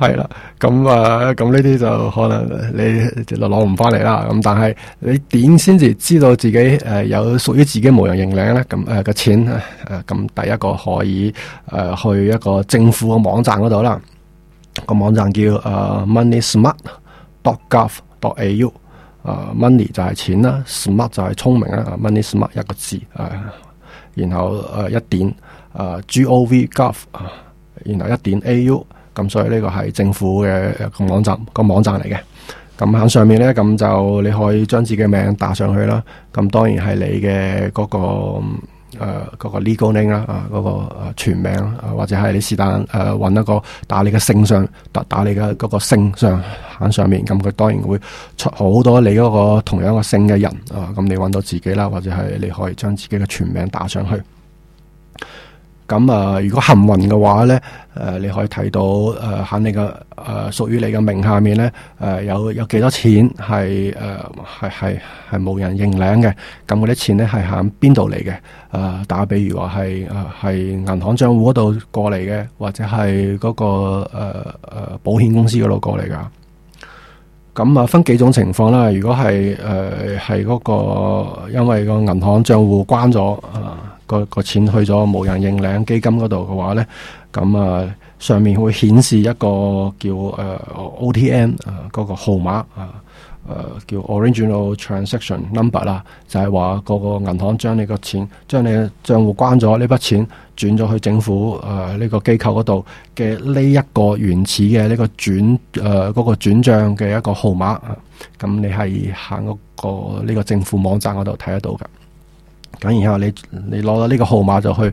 係 啦， 咁啊，咁呢啲就可能你攞唔翻嚟啦。咁但係你點先至知道自己誒、呃、有屬於自己冇人認領咧？咁誒個錢咁、啊、第一個可以。誒，去一個政府嘅網站嗰度啦，個網站叫誒、uh, moneysmart.gov.au，誒、uh, money 就係錢啦，smart 就係聰明啦、uh,，moneysmart 一個字，誒、uh,，然後誒、uh, 一點誒、uh, g o v gov，、uh, 然後一點 a u，咁所以呢個係政府嘅個網站個網站嚟嘅，咁喺上面咧，咁就你可以將自己嘅名打上去啦，咁當然係你嘅嗰個。誒嗰、呃那個 legal name 啦、呃，啊、那、嗰個、呃、全名，呃、或者係你是但誒揾一個打你嘅姓上，打你嘅嗰個姓上喺上面，咁、嗯、佢當然會出好多你嗰個同樣嘅姓嘅人啊，咁、呃嗯、你揾到自己啦，或者係你可以將自己嘅全名打上去。嗯咁啊，如果幸運嘅話咧，誒、呃、你可以睇到誒喺、呃、你嘅誒屬於你嘅名下面咧，誒、呃、有有幾多錢係誒係係係冇人認領嘅，咁嗰啲錢咧係喺邊度嚟嘅？誒、呃，打比如話係誒係銀行帳戶嗰度過嚟嘅，或者係嗰個誒、呃、保險公司嗰度過嚟㗎。咁啊，分幾種情況啦。如果係誒係嗰個因為個銀行帳戶關咗啊。嗯個個錢去咗無人認領基金嗰度嘅話呢，咁啊上面會顯示一個叫誒 OTN 啊，嗰個號碼啊，誒叫 original transaction number 啦，就係話個個銀行將你個錢，將你嘅賬戶關咗，呢筆錢轉咗去政府誒呢個機構嗰度嘅呢一個原始嘅呢個轉誒嗰個轉賬嘅一個號碼，啊咁你係行嗰個呢個政府網站嗰度睇得到噶。咁然後你你攞到呢個號碼就去，誒、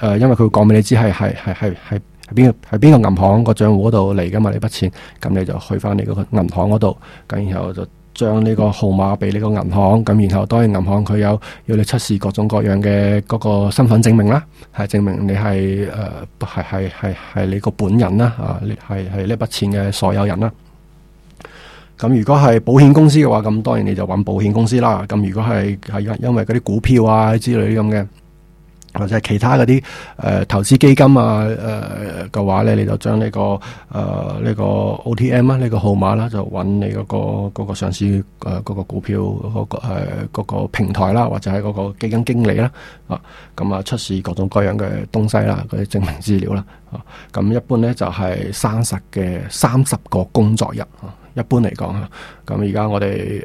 呃，因為佢會講俾你知係係係係係邊個係邊個銀行個賬戶嗰度嚟噶嘛？呢筆錢咁你就去翻你嗰個銀行嗰度，咁然後就將呢個號碼俾你個銀行，咁然後當然銀行佢有要你出示各種各樣嘅嗰個身份證明啦，係證明你係誒係係係係你個本人啦，啊，係係呢筆錢嘅所有人啦。咁如果係保險公司嘅話，咁當然你就揾保險公司啦。咁如果係係因因為嗰啲股票啊之類啲咁嘅，或者係其他嗰啲誒投資基金啊誒嘅、呃、話咧，你就將呢、這個誒呢、呃這個 O T M 啊呢、這個號碼啦、啊，就揾你嗰、那個、那個上市誒嗰、呃那個股票嗰、那個誒、呃那個平台啦，或者係嗰個基金經理啦啊，咁啊出示各種各樣嘅東西啦，嗰啲證明資料啦咁、啊、一般咧就係三十嘅三十個工作日啊。一般嚟講啊，咁而家我哋誒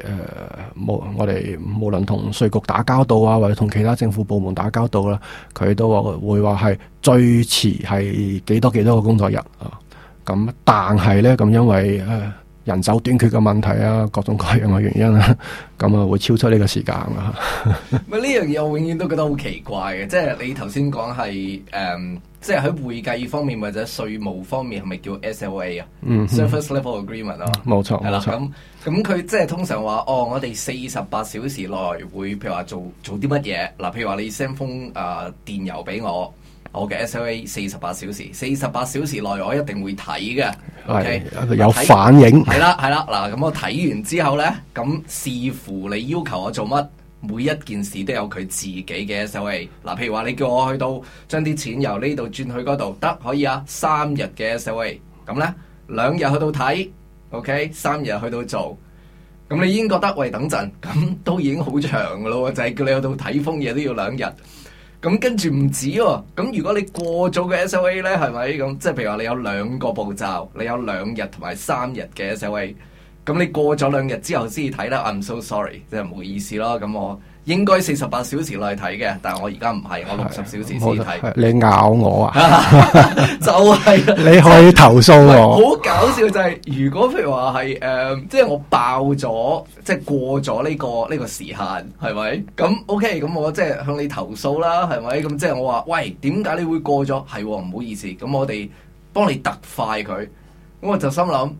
冇，我哋無論同稅局打交道啊，或者同其他政府部門打交道啦，佢都話會話係最遲係幾多幾多個工作日啊。咁但係咧咁，因為誒，呃人手短缺嘅問題啊，各種各樣嘅原因啊，咁啊會超出呢個時間噶、啊。呢樣嘢，我永遠都覺得好奇怪嘅。即係你頭先講係誒，即係喺會計方面或者稅務方面係咪叫 SLA 啊？嗯，Service Level Agreement 啊，冇錯的，係啦錯。咁咁佢即係通常話，哦，我哋四十八小時內會譬如話做做啲乜嘢？嗱，譬如話你 send 封啊電郵俾我。我嘅 S O A 四十八小時，四十八小時內我一定會睇嘅，OK 有反應。係啦，係啦，嗱，咁我睇完之後呢，咁視乎你要求我做乜，每一件事都有佢自己嘅 S O A。嗱，譬如話你叫我去到將啲錢由呢度轉去嗰度得可以啊，三日嘅 S O A，咁呢，兩日去到睇，OK 三日去到做。咁你已經覺得喂等陣，咁都已經好長咯喎，就係叫你去到睇風嘢都要兩日。咁跟住唔止喎、哦，咁如果你過咗嘅 S O A 呢，係咪咁？即係譬如話你有兩個步驟，你有兩日同埋三日嘅 S O A，咁你過咗兩日之後先睇咧，I'm so sorry，即係唔好意思咯，咁我。應該四十八小時內睇嘅，但係我而家唔係，的我六十小時先睇。你咬我啊！ 就係、是，你可以投訴我。好 搞笑就係、是，如果譬如話係誒，即、呃、係、就是、我爆咗，即、就、係、是、過咗呢、這個呢、這個時限，係咪？咁 OK，咁我即係向你投訴啦，係咪？咁即係我話，喂，點解你會過咗？係唔好意思，咁我哋幫你特快佢。咁我就心諗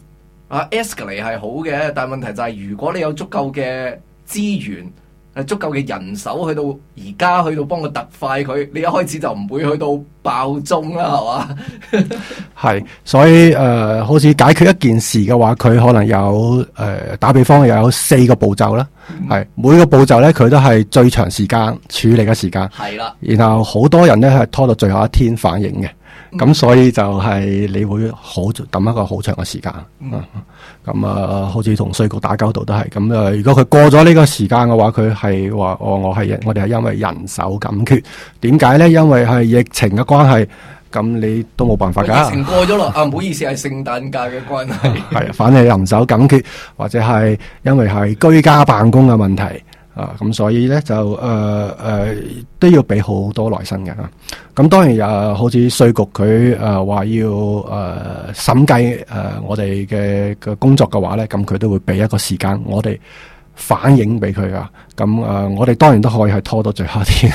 啊，escalate 係好嘅，但問題就係、是、如果你有足夠嘅資源。誒足夠嘅人手去到而家去到幫佢突快佢，你一開始就唔會去到爆鐘啦，係嘛？係， 所以誒、呃，好似解決一件事嘅話，佢可能有誒、呃、打比方又有四個步驟啦，係、嗯、每個步驟咧，佢都係最長時間處理嘅時間，係啦的。然後好多人咧係拖到最後一天反應嘅。咁、嗯、所以就係你會好抌一個好長嘅時間，咁、嗯、啊，啊，好似同稅局打交道都係咁啊。如果佢過咗呢個時間嘅話，佢係話我我係我哋係因為人手緊缺，點解咧？因為係疫情嘅關係，咁你都冇辦法㗎。疫情過咗啦， 啊唔好意思，係聖誕假嘅關係，係、啊、反正係人手緊缺，或者係因為係居家辦公嘅問題。啊，咁所以咧就誒誒、呃呃、都要俾好多耐心嘅，吓，咁、啊、當然又、啊、好似稅局佢誒話要誒審計誒我哋嘅嘅工作嘅話咧，咁佢都會俾一個時間我哋。反映俾佢啊！咁啊、呃，我哋當然都可以係拖到最後天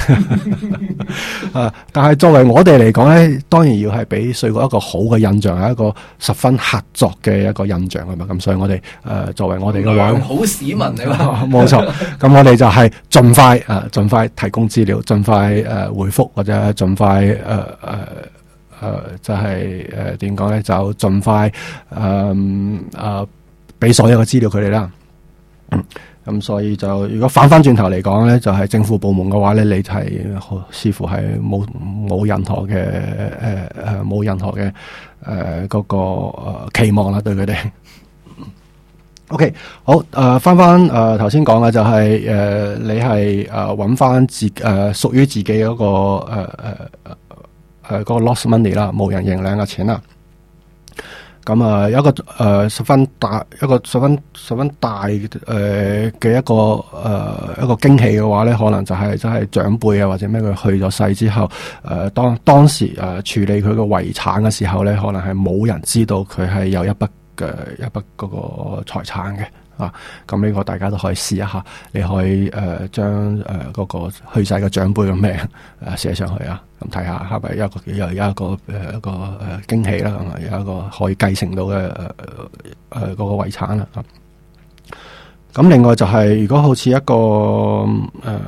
啊！但係作為我哋嚟講咧，當然要係俾稅局一個好嘅印象，係一個十分合作嘅一個印象啊嘛！咁所以我哋誒、呃，作為我哋嘅良好市民嚟啦，冇錯。咁、啊、我哋就係盡快誒，盡、啊、快提供資料，盡快誒、呃、回覆，或者盡快誒誒誒，就係誒點講咧，就盡快誒誒，俾、呃呃、所有嘅資料佢哋啦。咁、嗯、所以就如果反翻轉頭嚟講咧，就係、是、政府部門嘅話咧，你就係、是、似乎係冇冇任何嘅誒誒冇任何嘅誒嗰個、呃、期望啦，對佢哋。 OK，好誒，翻翻誒頭先講嘅就係、是、誒、呃、你係誒揾翻自誒、呃、屬於自己嗰、呃呃呃呃那個誒誒誒嗰個 loss money 啦，冇人認領嘅錢啦。咁啊、嗯，一個誒、呃、十,十分大、呃一呃，一個十分十分大誒嘅一個誒一個驚喜嘅話咧，可能就係真係長輩啊或者咩佢去咗世之後，誒、呃、當當時誒、呃、處理佢個遺產嘅時候咧，可能係冇人知道佢係有一筆誒、呃、一筆嗰個財產嘅啊。咁呢個大家都可以試一下，你可以誒將誒個去世嘅長輩嘅名啊寫上去啊。咁睇下係咪一個又有一個誒一個誒驚喜啦，咁咪有一個可以繼承到嘅誒嗰個遺產啦？咁另外就係、是、如果好似一個誒、呃、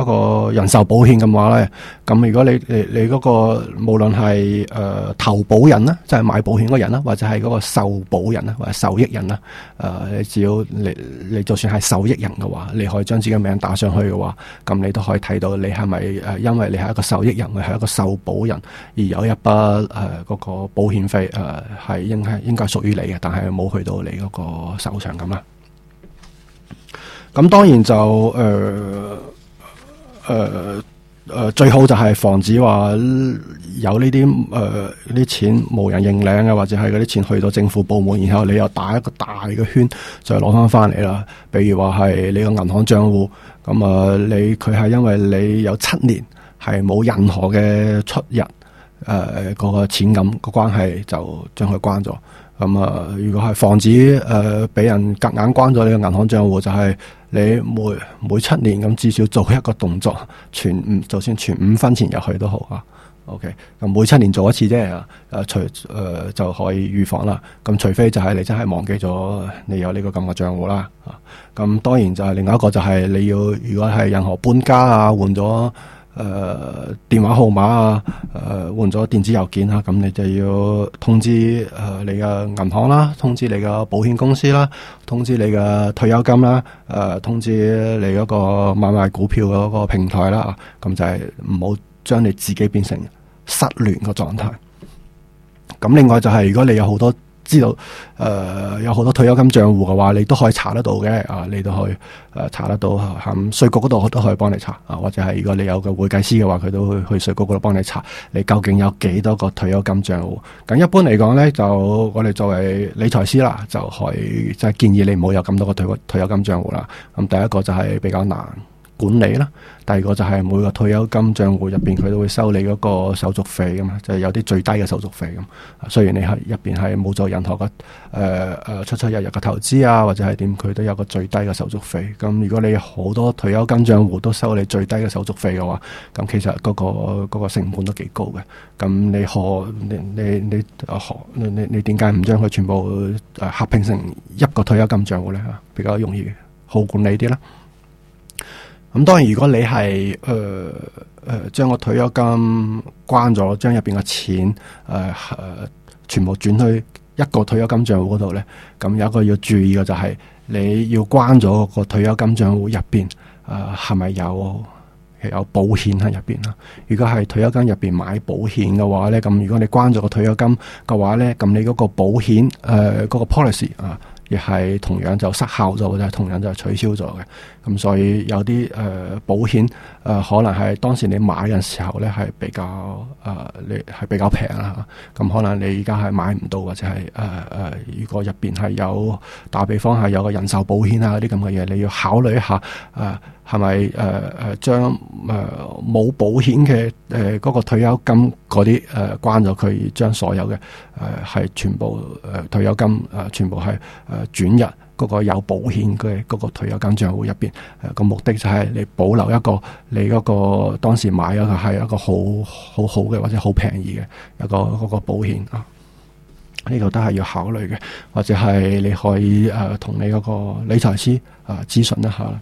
一個人壽保險咁話咧，咁如果你你你嗰、那個無論係誒、呃、投保人啦，即係買保險嘅人啦，或者係嗰個受保人啦，或者受益人啦，誒、呃、只要你你，你就算係受益人嘅話，你可以將自己嘅名打上去嘅話，咁、嗯、你都可以睇到你係咪誒因為你係一個受益人，佢係一個受保人而有一筆誒嗰個保險費誒係、呃、應係應該屬於你嘅，但係冇去到你嗰個手上咁啊。咁當然就誒誒誒，最好就係防止話有呢啲誒啲錢無人認領嘅，或者係嗰啲錢去到政府部門，然後你又打一個大嘅圈就攞翻翻嚟啦。比如話係你個銀行帳戶，咁啊、呃、你佢係因為你有七年係冇任何嘅出入，誒、呃、嗰、嗰個錢咁、嗰個關係就將佢關咗。咁啊、嗯，如果係防止誒俾、呃、人隔硬，硬關咗你嘅銀行賬戶，就係、是、你每每七年咁至少做一個動作，存唔就算存五分錢入去都好啊。OK，咁、嗯、每七年做一次啫，誒、啊、除誒、呃、就可以預防啦。咁、嗯、除非就係你真係忘記咗你有呢個咁嘅賬戶啦。咁、啊嗯、當然就係另外一個就係你要如果係任何搬家啊，換咗。誒、呃，電話號碼啊，誒、呃，換咗電子郵件啊，咁你就要通知誒、呃，你嘅銀行啦，通知你嘅保險公司啦，通知你嘅退休金啦，誒、呃，通知你嗰個買賣股票嗰個平台啦，咁就係唔好將你自己變成失聯嘅狀態。咁另外就係如果你有好多。知道誒、呃、有好多退休金帳戶嘅話，你都可以查得到嘅。啊，你都可以誒、啊、查得到。咁、嗯、稅局嗰度我都可以幫你查。啊，或者係如果你有個會計師嘅話，佢都去去稅局嗰度幫你查你究竟有幾多個退休金帳戶。咁一般嚟講咧，就我哋作為理財師啦，就係即係建議你唔好有咁多個退退休金帳戶啦。咁第一個就係比較難，管理啦，第二個就係每個退休金賬戶入邊，佢都會收你嗰個手續費噶嘛，就係有啲最低嘅手續費。咁，雖然你喺入邊係冇做任何嘅誒誒出出入入嘅投資啊，或者係點，佢都有個最低嘅手續費。咁如果你好多退休金賬戶都收你最低嘅手續費嘅話，咁其實嗰個嗰個成本都幾高嘅。咁你何你你你何你你點解唔將佢全部誒合併成一個退休金賬戶咧？比較容易好管理啲啦。咁當然，如果你係誒誒將個退休金關咗，將入邊嘅錢誒誒、呃、全部轉去一個退休金賬戶嗰度咧，咁有一個要注意嘅就係、係、你要關咗個退休金賬戶入邊，誒係咪有係有保險喺入邊啦？如果係退休金入邊買保險嘅話咧，咁如果你關咗個退休金嘅話咧，咁你嗰個保險誒嗰、呃嗰個 policy 啊，亦係同樣就失效咗嘅，或者同樣就取消咗嘅。咁、嗯、所以有啲誒、呃、保險誒、呃、可能係當時你買嘅時候咧係比較誒你係比較平啦，咁、啊、可能你而家係買唔到或者係誒誒，如果入邊係有打比方係有個人壽保險啊啲咁嘅嘢，你要考慮一下誒係咪誒誒將誒冇、呃、保險嘅誒嗰個退休金嗰啲誒關咗佢，將所有嘅誒係全部誒、呃、退休金誒、呃、全部係誒、呃、轉入。嗰個有保險嘅嗰、那個退休金賬戶入邊，誒、啊、個目的就係你保留一個你嗰個當時買一個係一個好好好嘅或者好便宜嘅一個嗰、那個、保險啊，呢、這個都係要考慮嘅，或者係你可以誒同、啊、你嗰個理財師啊諮詢一下啦，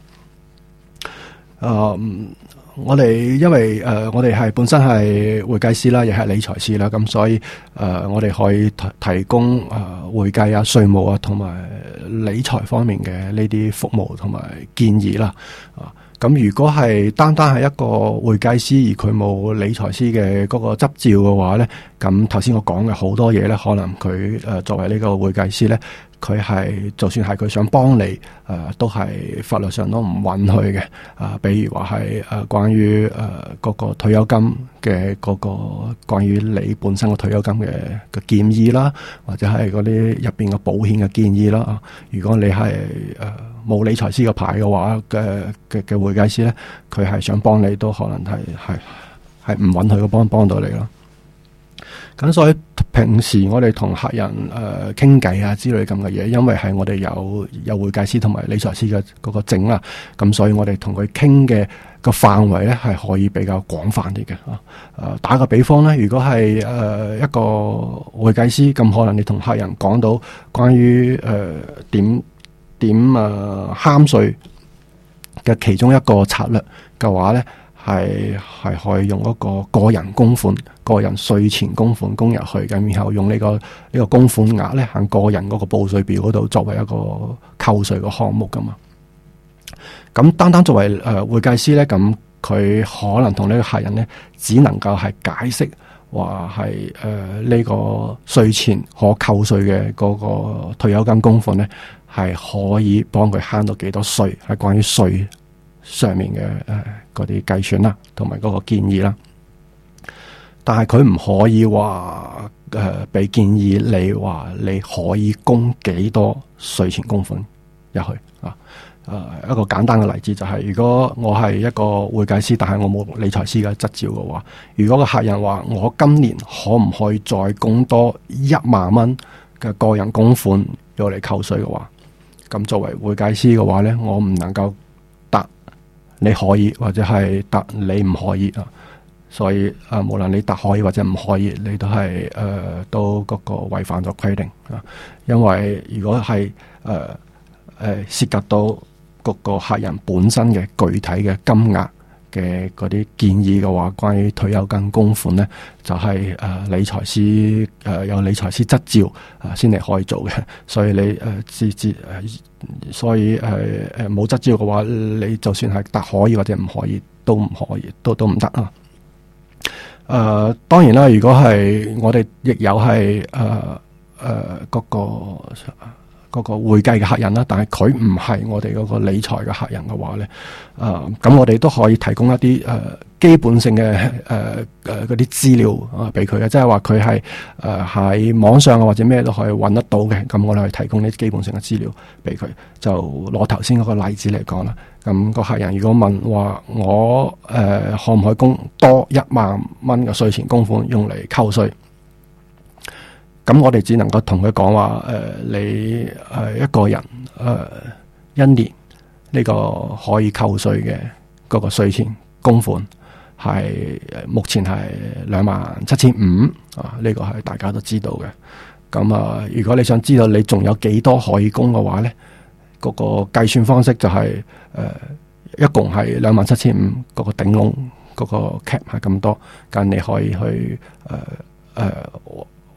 誒、啊。嗯我哋因為誒、呃，我哋係本身係會計師啦，亦係理財師啦，咁所以誒、呃，我哋可以提提供誒、呃、會計啊、稅務啊同埋理財方面嘅呢啲服務同埋建議啦。啊，咁如果係單單係一個會計師而佢冇理財師嘅嗰個執照嘅話咧，咁頭先我講嘅好多嘢咧，可能佢誒、呃、作為呢個會計師咧。佢係就算係佢想幫你，誒、呃、都係法律上都唔允許嘅。啊、呃，比如話係誒關於誒嗰、呃那個退休金嘅嗰、那個關於你本身嘅退休金嘅嘅建議啦，或者係嗰啲入邊嘅保險嘅建議啦。如果你係誒冇理財師嘅牌嘅話嘅嘅嘅會計師咧，佢係想幫你都可能係係係唔允許嘅幫幫到你咯。咁所以平時我哋同客人誒傾偈啊之類咁嘅嘢，因為係我哋有有會計師同埋理財師嘅嗰個證啊，咁所以我哋同佢傾嘅個範圍咧係可以比較廣泛啲嘅。啊，打個比方咧，如果係誒、呃、一個會計師，咁可能你同客人講到關於誒、呃、點點啊慳稅嘅其中一個策略嘅話咧。係係可以用一個個人供款、個人稅前供款供入去，咁然後用呢個呢個供款額咧，喺個人嗰個報稅表嗰度作為一個扣稅嘅項目噶嘛。咁單單作為誒、呃、會計師咧，咁佢可能同呢個客人咧，只能夠係解釋話係誒呢個稅前可扣稅嘅嗰個退休金供款咧，係可以幫佢慳到幾多稅，係關於稅。上面嘅誒啲計算啦，同埋嗰個建議啦，但係佢唔可以話誒俾建議你話你可以供幾多稅前供款入去啊。誒、呃、一個簡單嘅例子就係、是，如果我係一個會計師，但係我冇理財師嘅執照嘅話，如果個客人話我今年可唔可以再供多一萬蚊嘅個人供款要嚟扣稅嘅話，咁作為會計師嘅話咧，我唔能夠。你，可以，你，可，以以你可以或者係答你唔可以啊，所以啊，無論你答可以或者唔可以，你都係誒、呃、都嗰個違反咗規定啊。因為如果係、呃、誒誒涉及到嗰個客人本身嘅具體嘅金額嘅嗰啲建議嘅話，關於退休金供款咧，就係、是、誒、呃、理財師誒有理財師執照啊先至可以做嘅，所以你誒、呃、自自誒。呃所以誒誒冇執照嘅話，你就算係得可以或者唔可以，都唔可以，都都唔得啊！誒、呃，當然啦，如果係我哋亦有係誒誒個。嗰個會計嘅客人啦，但係佢唔係我哋嗰個理財嘅客人嘅話咧，啊、呃，咁我哋都可以提供一啲誒、呃、基本性嘅誒誒啲資料啊，俾佢嘅，即係話佢係誒喺網上啊或者咩都可以揾得到嘅，咁我哋去提供啲基本性嘅資料俾佢。就攞頭先嗰個例子嚟講啦，咁、嗰個客人如果問話我誒、呃、可唔可以供多一萬蚊嘅稅前供款用嚟扣稅？咁我哋只能夠同佢講話，誒、呃、你誒、呃、一個人誒、呃、一年呢個可以扣稅嘅嗰個稅前供款係、呃、目前係兩萬七千五啊！呢、這個係大家都知道嘅。咁啊，如果你想知道你仲有幾多可以供嘅話咧，嗰、那個計算方式就係、是、誒、呃、一共係兩萬七千五嗰個頂籠嗰個 cap 係咁多，咁你可以去誒誒。呃呃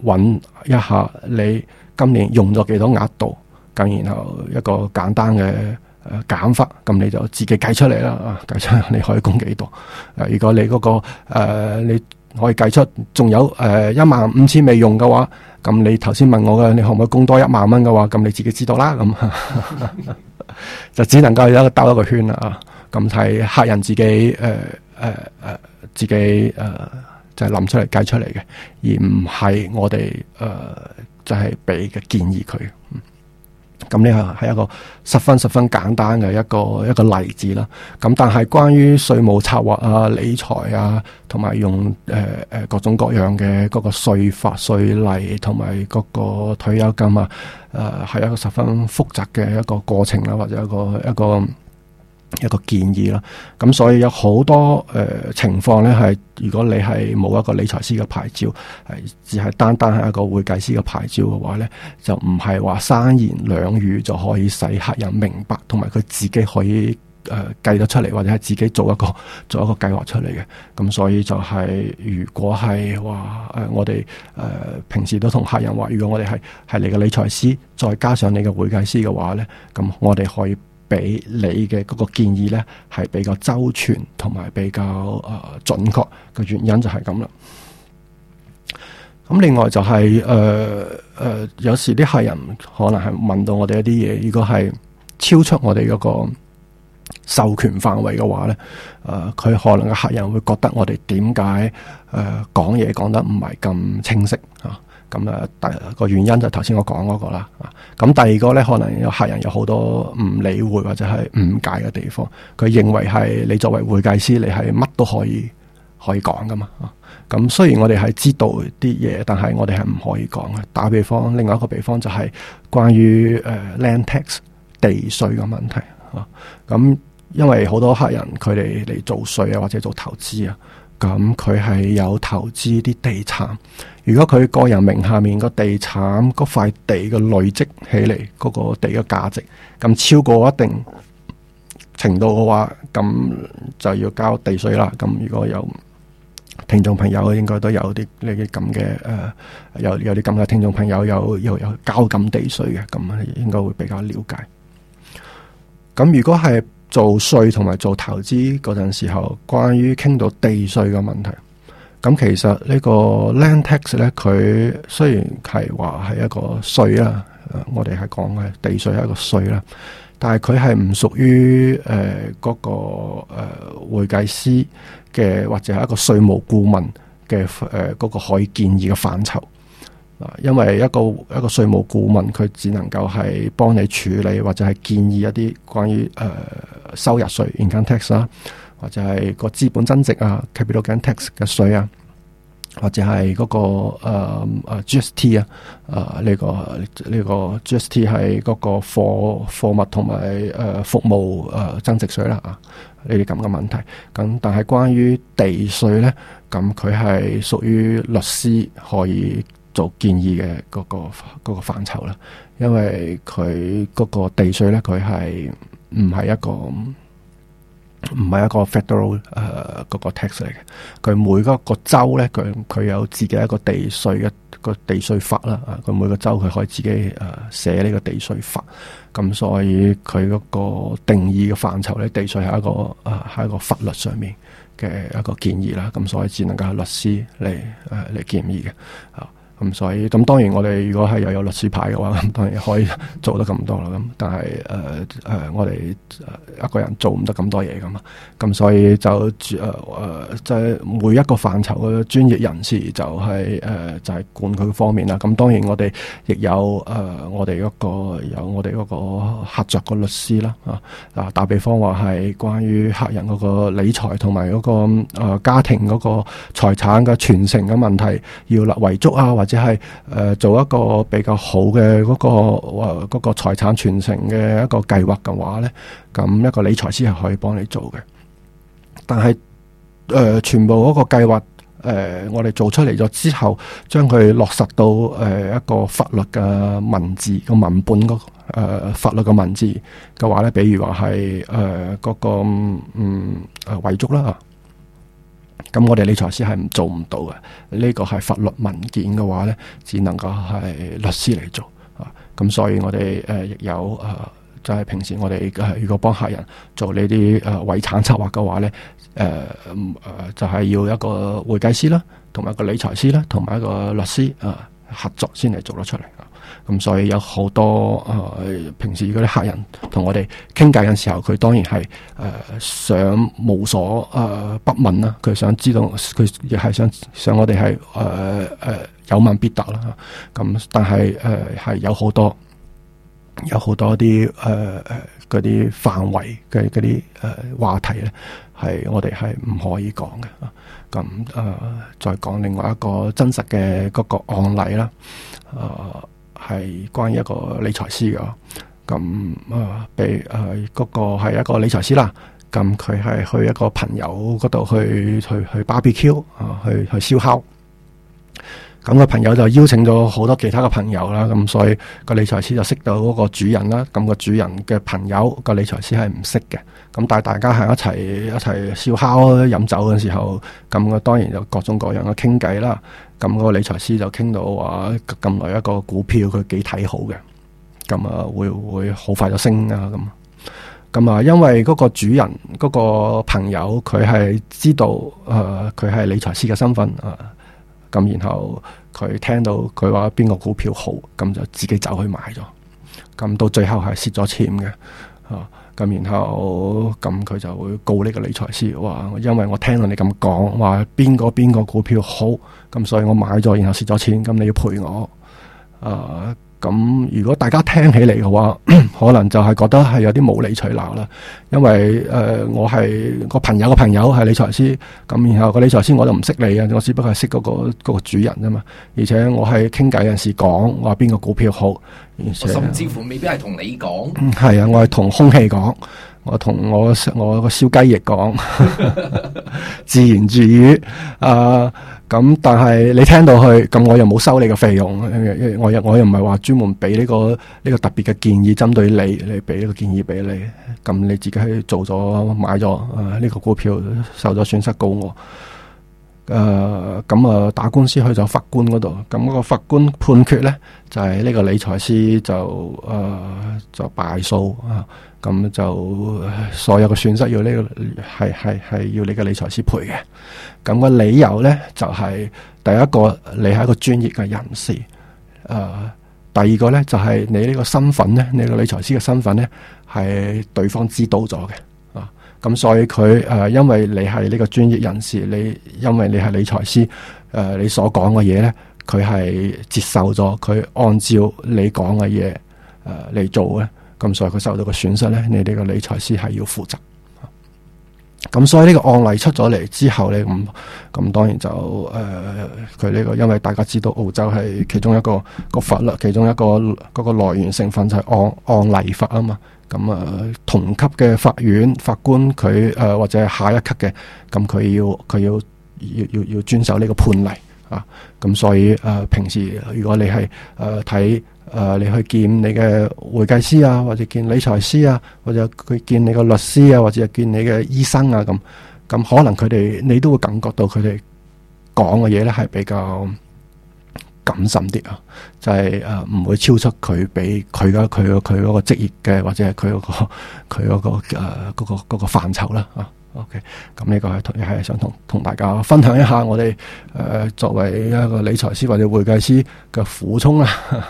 揾一下你今年用咗幾多額度，咁然後一個簡單嘅誒、呃、減法，咁你就自己計出嚟啦。啊、計出你可以供幾多、啊？如果你嗰、嗰個誒、呃、你可以計出，仲有誒一萬五千未用嘅話，咁你頭先問我嘅，你可唔可以供多一萬蚊嘅話，咁你自己知道啦。咁 就只能夠一兜一個圈啦。咁、啊、係客人自己誒誒誒自己誒。呃就係諗出嚟計出嚟嘅，而唔係我哋誒、呃、就係俾嘅建議佢。咁呢個係一個十分十分簡單嘅一個一個例子啦。咁但係關於稅務策劃啊、理財啊，同埋用誒誒、呃、各種各樣嘅嗰個稅法、稅例同埋嗰個退休金啊，誒、呃、係一個十分複雜嘅一個過程啦，或者一個一個。一個建議啦，咁所以有好多誒、呃、情況咧，係如果你係冇一個理財師嘅牌照，係只係單單係一個會計師嘅牌照嘅話咧，就唔係話三言兩語就可以使客人明白，同埋佢自己可以誒計、呃、得出嚟，或者係自己做一個做一個計劃出嚟嘅。咁所以就係、是、如果係話誒我哋誒、呃、平時都同客人話，如果我哋係係你嘅理財師，再加上你嘅會計師嘅話咧，咁我哋可以。俾你嘅嗰個建議咧，係比較周全同埋比較誒準確嘅原因就係咁啦。咁另外就係誒誒，有時啲客人可能係問到我哋一啲嘢，如果係超出我哋嗰個授權範圍嘅話咧，誒、呃、佢可能嘅客人會覺得我哋點解誒講嘢講得唔係咁清晰啊？咁啊，第個、嗯、原因就頭先我講嗰、那個啦。咁、嗯、第二個咧，可能有客人有好多唔理會或者係誤解嘅地方，佢認為係你作為會計師，你係乜都可以可以講噶嘛。咁、嗯、雖然我哋係知道啲嘢，但係我哋係唔可以講嘅。打比方，另外一個比方就係關於誒、呃、land tax 地稅嘅問題。咁、嗯嗯、因為好多客人佢哋嚟做稅啊，或者做投資啊。咁佢係有投資啲地產，如果佢個人名下面個地產嗰塊地嘅累積起嚟嗰、嗰個地嘅價值，咁超過一定程度嘅話，咁就要交地稅啦。咁如果有聽眾朋友應該都有啲呢啲咁嘅誒，有有啲咁嘅聽眾朋友有又有，有，有交咁地稅嘅，咁應該會比較了解。咁如果係。做稅同埋做投資嗰陣時候，關於傾到地稅嘅問題，咁其實呢個 Land Tax 咧，佢雖然係話係一個稅啦，我哋係講嘅地稅係一個稅啦，但係佢係唔屬於誒嗰個誒、呃、會計師嘅或者係一個稅務顧問嘅誒嗰個可以建議嘅範疇。啊，因為一個一個稅務顧問佢只能夠係幫你處理或者係建議一啲關於誒、呃、收入稅 income tax 啊，或者係個資本增值啊 capital gain tax 嘅稅啊，或者係嗰個誒 GST 啊，誒呢個呢個 GST 係嗰個貨貨物同埋誒服務誒、呃、增值稅啦啊，呢啲咁嘅問題。咁但係關於地稅咧，咁佢係屬於律師可以。做建議嘅嗰、那個嗰、那個範疇啦，因為佢嗰個地稅咧，佢係唔係一個唔係一個 federal 誒、呃、嗰、那個 tax 嚟嘅。佢每一個州咧，佢佢有自己一個地稅一個地稅法啦。啊，佢每個州佢可以自己誒、呃、寫呢個地稅法。咁所以佢嗰個定義嘅範疇咧，地稅係一個啊係、呃、一個法律上面嘅一個建議啦。咁所以只能夠係律師嚟誒嚟建議嘅啊。咁、嗯、所以咁、嗯、當然我哋如果係又有律師牌嘅話，咁、嗯、當然可以做得咁多啦。咁、嗯、但係誒誒我哋誒一個人做唔得咁多嘢噶嘛。咁、嗯、所以就誒誒即係每一個範疇嘅專業人士就係、是、誒、呃、就係、是、管佢嘅方面啦。咁、嗯、當然我哋亦有誒、呃、我哋一、那個有我哋嗰個合作個律師啦。啊嗱，打比方話係關於客人嗰個理財同埋嗰個誒、呃、家庭嗰個財產嘅傳承嘅問題，要立遺囑啊或或者係誒做一個比較好嘅嗰個誒嗰個財產傳承嘅一個計劃嘅話咧，咁一個理財師係可以幫你做嘅。但係誒、呃，全部嗰個計劃誒，我哋做出嚟咗之後，將佢落實到誒、呃、一個法律嘅文字個文本誒、那個呃、法律嘅文字嘅話咧，比如話係誒嗰個嗯誒遺囑啦吓。呃咁我哋理財師係唔做唔到嘅，呢、這個係法律文件嘅話咧，只能夠係律師嚟做啊。咁所以我哋誒亦有啊，就係、是、平時我哋如果幫客人做呢啲誒遺產策劃嘅話咧，誒、啊、誒、啊、就係、是、要一個會計師啦，同埋一個理財師啦，同埋一個律師啊合作先嚟做得出嚟啊。咁所以有好多誒、呃，平時嗰啲客人同我哋傾偈嘅時候，佢當然係誒、呃、想無所誒不問啦，佢想知道，佢亦係想想我哋係誒誒有問必答啦。咁、啊、但係誒係有好多有好多啲誒誒嗰啲範圍嘅嗰啲誒話題咧，係我哋係唔可以講嘅。咁、啊、誒再講另外一個真實嘅嗰個案例啦，誒、啊。係關於一個理財師嘅，咁啊，俾誒嗰個係一個理財師啦，咁佢係去一個朋友嗰度去去去 barbecue 啊，去去燒烤。咁個朋友就邀請咗好多其他嘅朋友啦，咁所以個理財師就識到嗰個主人啦。咁個主人嘅朋友，個理財師係唔識嘅。咁帶大家喺一齊一齊燒烤、飲酒嘅時候，咁啊當然就各種各樣嘅傾偈啦。咁個理財師就傾到話咁耐一個股票佢幾睇好嘅，咁啊會唔會好快就升啊？咁咁啊，因為嗰個主人嗰個朋友佢係知道誒，佢、呃、係理財師嘅身份啊。呃咁然後佢聽到佢話邊個股票好，咁就自己走去買咗，咁到最後係蝕咗錢嘅，啊，咁然後咁佢就會告呢個理財師，話因為我聽到你咁講，話邊個邊個股票好，咁所以我買咗，然後蝕咗錢，咁你要賠我，啊。咁如果大家聽起嚟嘅話， 可能就係覺得係有啲無理取鬧啦。因為誒、呃，我係個朋友嘅朋友係理財師，咁然後個理財師我就唔識你啊，我只不過係識嗰、嗰個、嗰個主人啊嘛。而且我係傾偈陣時講，話邊個股票好，甚至乎未必係同你講。係、嗯、啊，我係同空氣講，我同我我個燒雞翼講， 自言自語啊。咁但係你聽到去，咁我又冇收你嘅費用，我又我又唔係話專門俾呢、這個呢、這個特別嘅建議針對你，你俾呢個建議俾你，咁你自己去做咗買咗啊呢個股票，受咗損失告我，誒、呃、咁啊打官司去咗法官嗰度，咁、那個法官判決呢，就係、是、呢個理財師就誒、呃、就敗訴啊。咁就所有嘅損失要呢個係係係要你嘅理財師賠嘅。咁個理由咧就係、是、第一個你係一個專業嘅人士，誒、呃、第二個咧就係、是、你呢個身份咧，你個理財師嘅身份咧係對方知道咗嘅，啊，咁所以佢誒、呃、因為你係呢個專業人士，你因為你係理財師，誒、呃、你所講嘅嘢咧佢係接受咗，佢按照你講嘅嘢誒嚟做咧。咁所以佢受到嘅損失咧，你哋個理財師係要負責。咁、啊、所以呢個案例出咗嚟之後咧，咁咁當然就誒佢呢個，因為大家知道澳洲係其中一個個法律，其中一個嗰、那個來源成分就係案案例法啊嘛。咁啊、呃、同級嘅法院法官佢誒、呃、或者係下一級嘅，咁佢要佢要要要要遵守呢個判例。啊，咁所以，誒、呃，平時如果你係誒睇誒，你去見你嘅會計師啊，或者見理財師啊，或者佢見你個律師啊，或者係見你嘅醫生啊，咁，咁可能佢哋你都會感覺到佢哋講嘅嘢，咧係比較謹慎啲啊，就係誒唔會超出佢俾佢嘅佢嘅佢嗰個職業嘅，或者係佢嗰個佢嗰、嗰個誒、呃嗰個、嗰個範疇啦，吓、啊。OK，咁呢個係同，亦係想同同大家分享一下我哋誒、呃、作為一個理財師或者會計師嘅苦衷啦。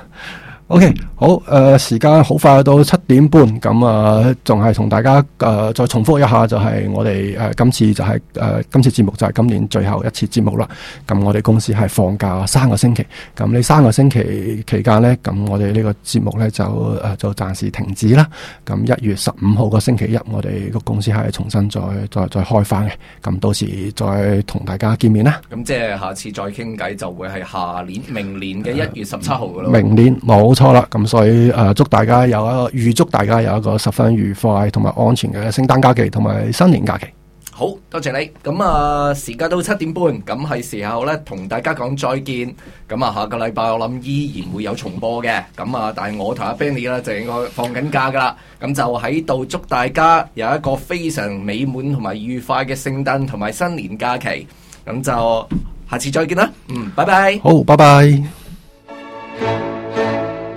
OK，好，誒、呃，時間好快到七點半，咁、嗯、啊，仲係同大家誒、呃、再重複一下就，就係我哋誒今次就係、是、誒、呃、今次節目就係今年最後一次節目啦。咁、嗯、我哋公司係放假三個星期，咁呢三個星期期間呢，咁、嗯、我哋呢個節目呢就、呃，就誒就暫時停止啦。咁、嗯、一月十五號個星期一，我哋個公司係重新再再再開翻嘅。咁、嗯、到時再同大家見面啦。咁即係下次再傾偈，就會係下年、呃、明年嘅一月十七號噶啦。明年冇。錯啦，咁所以誒，祝大家有一個預祝大家有一個十分愉快同埋安全嘅聖誕假期同埋新年假期。好多謝你，咁啊，時間到七點半，咁係時候呢同大家講再見。咁啊，下個禮拜我諗依然會有重播嘅，咁啊，但係我同阿 Benny 呢，就應該放緊假噶啦，咁就喺度祝大家有一個非常美滿同埋愉快嘅聖誕同埋新年假期。咁就下次再見啦，嗯，拜拜，好，拜拜。